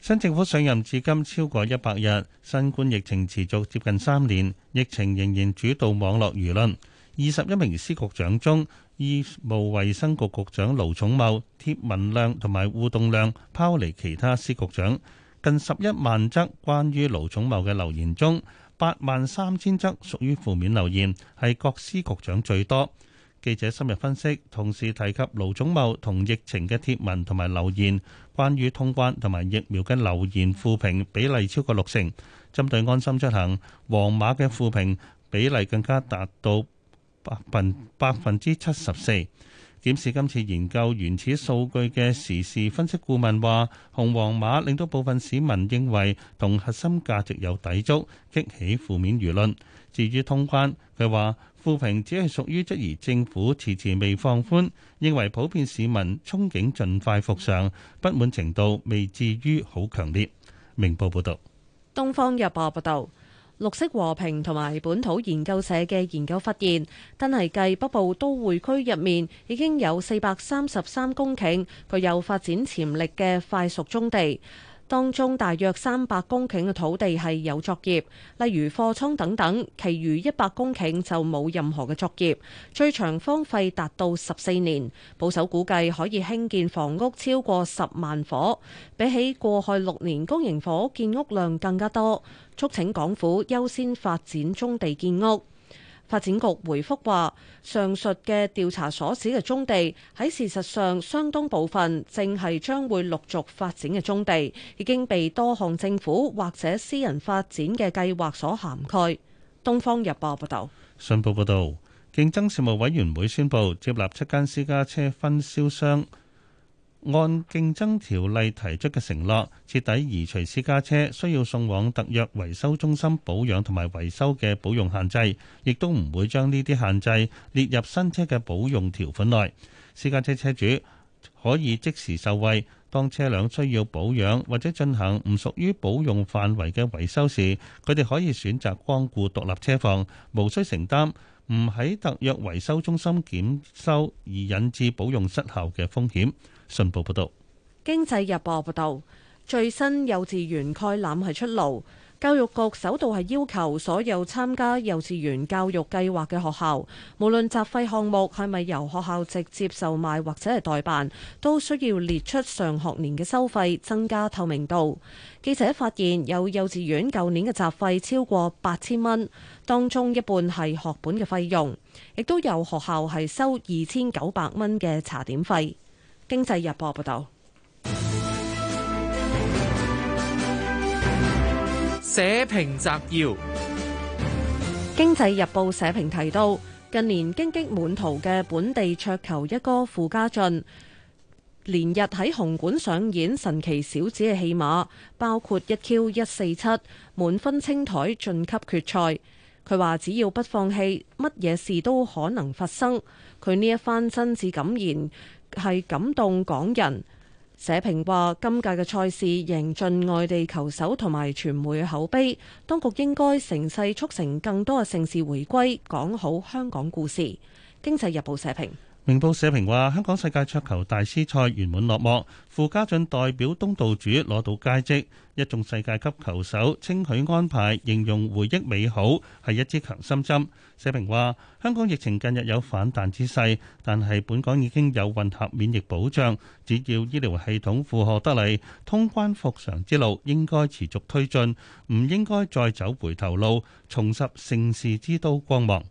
新政府上任至今超過一百日，新冠疫情持續接近三年，疫情仍然主導網絡輿論。二十一名司局長中，醫務衛生局局長盧寵茂、貼文量同埋互動量拋離其他司局長。近十一萬則關於盧寵茂嘅留言中，八萬三千則屬於負面留言，係各司局長最多。記者深入分析，同時提及盧寵茂同疫情嘅貼文同埋留言，關於通關同埋疫苗嘅留言負評比例超過六成。針對安心出行、黃碼嘅負評比例更加達到百分百分之七十四。檢視今次研究原始數據嘅時事分析顧問話，紅黃碼令到部分市民認為同核心價值有抵觸，激起負面輿論。至於通關，佢話負評只係屬於質疑政府遲遲未放寬，認為普遍市民憧憬盡快復常，不滿程度未至於好強烈。明報報道：東方日報報道，綠色和平同埋本土研究社嘅研究發現，但係計北部都會區入面已經有四百三十三公頃具有發展潛力嘅快速棕地。當中大約三百公頃嘅土地係有作業，例如貨倉等等，其餘一百公頃就冇任何嘅作業。最長荒廢達到十四年，保守估計可以興建房屋超過十萬伙。比起過去六年公營伙建屋量更加多，促請港府優先發展棕地建屋。發展局回覆話：上述嘅調查所指嘅棕地，喺事實上相當部分正係將會陸續發展嘅棕地，已經被多項政府或者私人發展嘅計劃所涵蓋。東方日報報道，信報報道，競爭事務委員會宣布接納七間私家車分銷商。按競爭條例提出嘅承諾，徹底移除私家車需要送往特約維修中心保養同埋維修嘅保用限制，亦都唔會將呢啲限制列入新車嘅保用條款內。私家車車主可以即時受惠，當車輛需要保養或者進行唔屬於保用範圍嘅維修時，佢哋可以選擇光顧獨立車房，無需承擔唔喺特約維修中心檢修而引致保用失效嘅風險。信報報道，經濟日報報道，最新幼稚園概覽係出爐。教育局首度係要求所有參加幼稚園教育計劃嘅學校，無論雜費項目係咪由學校直接售賣或者係代辦，都需要列出上學年嘅收費，增加透明度。記者發現有幼稚園舊年嘅雜費超過八千蚊，當中一半係課本嘅費用，亦都有學校係收二千九百蚊嘅茶點費。經濟日報報道，社評摘要：經濟日報社評提到，近年荊棘滿途嘅本地桌球一哥傅家俊，連日喺紅館上演神奇小子嘅戲碼，包括一 Q 一四七滿分清台晉級決賽。佢話只要不放棄，乜嘢事都可能發生。佢呢一番真摯感言。係感動港人，社評話今屆嘅賽事贏盡外地球手同埋傳媒嘅口碑，當局應該乘勢促成更多嘅盛事回歸，講好香港故事。《經濟日報》社評。明報社評話，香港世界桌球大師賽圓滿落幕，傅家俊代表東道主攞到佳績，一眾世界級球手稱許安排，形容回憶美好，係一支強心針。社評話，香港疫情近日有反彈之勢，但係本港已經有混合免疫保障，只要醫療系統負荷得嚟，通關復常之路應該持續推進，唔應該再走回頭路，重拾盛事之都光芒。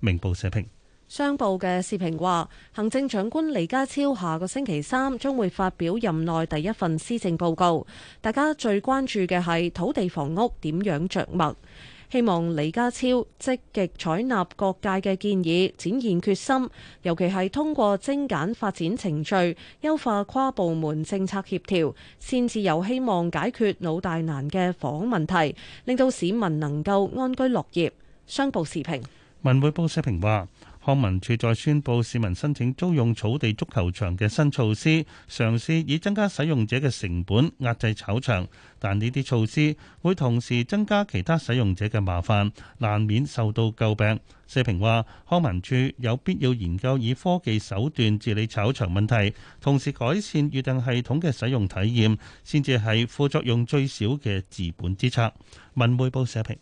明報社評。商報嘅視評話，行政長官李家超下個星期三將會發表任內第一份施政報告。大家最關注嘅係土地房屋點樣着墨，希望李家超積極採納各界嘅建議，展現決心，尤其係通過精簡發展程序，優化跨部門政策協調，先至有希望解決老大難嘅房屋問題，令到市民能夠安居樂業。商報視評，文匯報社評話。康文署再宣布市民申請租用草地足球場嘅新措施，嘗試以增加使用者嘅成本壓制炒場，但呢啲措施會同時增加其他使用者嘅麻煩，難免受到詬病。社評話，康文署有必要研究以科技手段治理炒場問題，同時改善預訂系統嘅使用體驗，先至係副作用最少嘅治本之策。文匯報社評。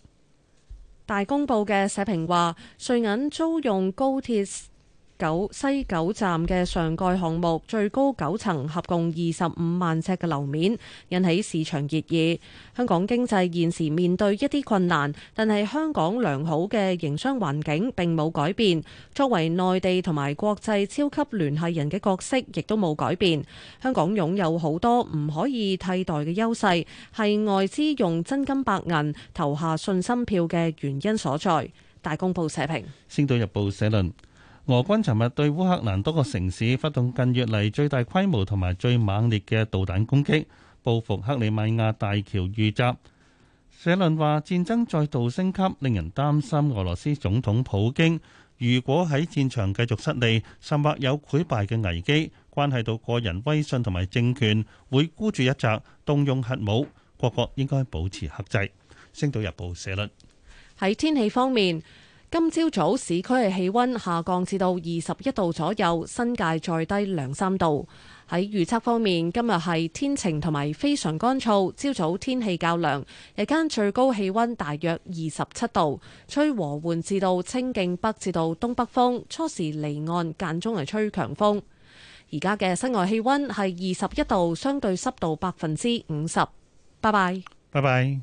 大公報嘅社評話：瑞銀租用高鐵。九西九站嘅上蓋項目最高九層，合共二十五萬尺嘅樓面，引起市場熱議。香港經濟現時面對一啲困難，但係香港良好嘅營商環境並冇改變。作為內地同埋國際超級聯繫人嘅角色，亦都冇改變。香港擁有好多唔可以替代嘅優勢，係外資用真金白銀投下信心票嘅原因所在。大公報社評，《星島日報》社論。俄軍尋日對烏克蘭多個城市發動近月嚟最大規模同埋最猛烈嘅導彈攻擊，報復克里米亞大橋遇襲。社論話戰爭再度升級，令人擔心俄羅斯總統普京如果喺戰場繼續失利，甚或有潰敗嘅危機，關係到個人威信同埋政權，會孤注一擲動用核武。各國應該保持克制。星島日報社論。喺天氣方面，今朝早市區嘅氣温下降至到二十一度左右，新界再低兩三度。喺預測方面，今日係天晴同埋非常乾燥，朝早天氣較涼，日間最高氣温大約二十七度，吹和緩至到清勁北至到東北風，初時離岸間中係吹強風。而家嘅室外氣温係二十一度，相對濕度百分之五十。拜拜，拜拜。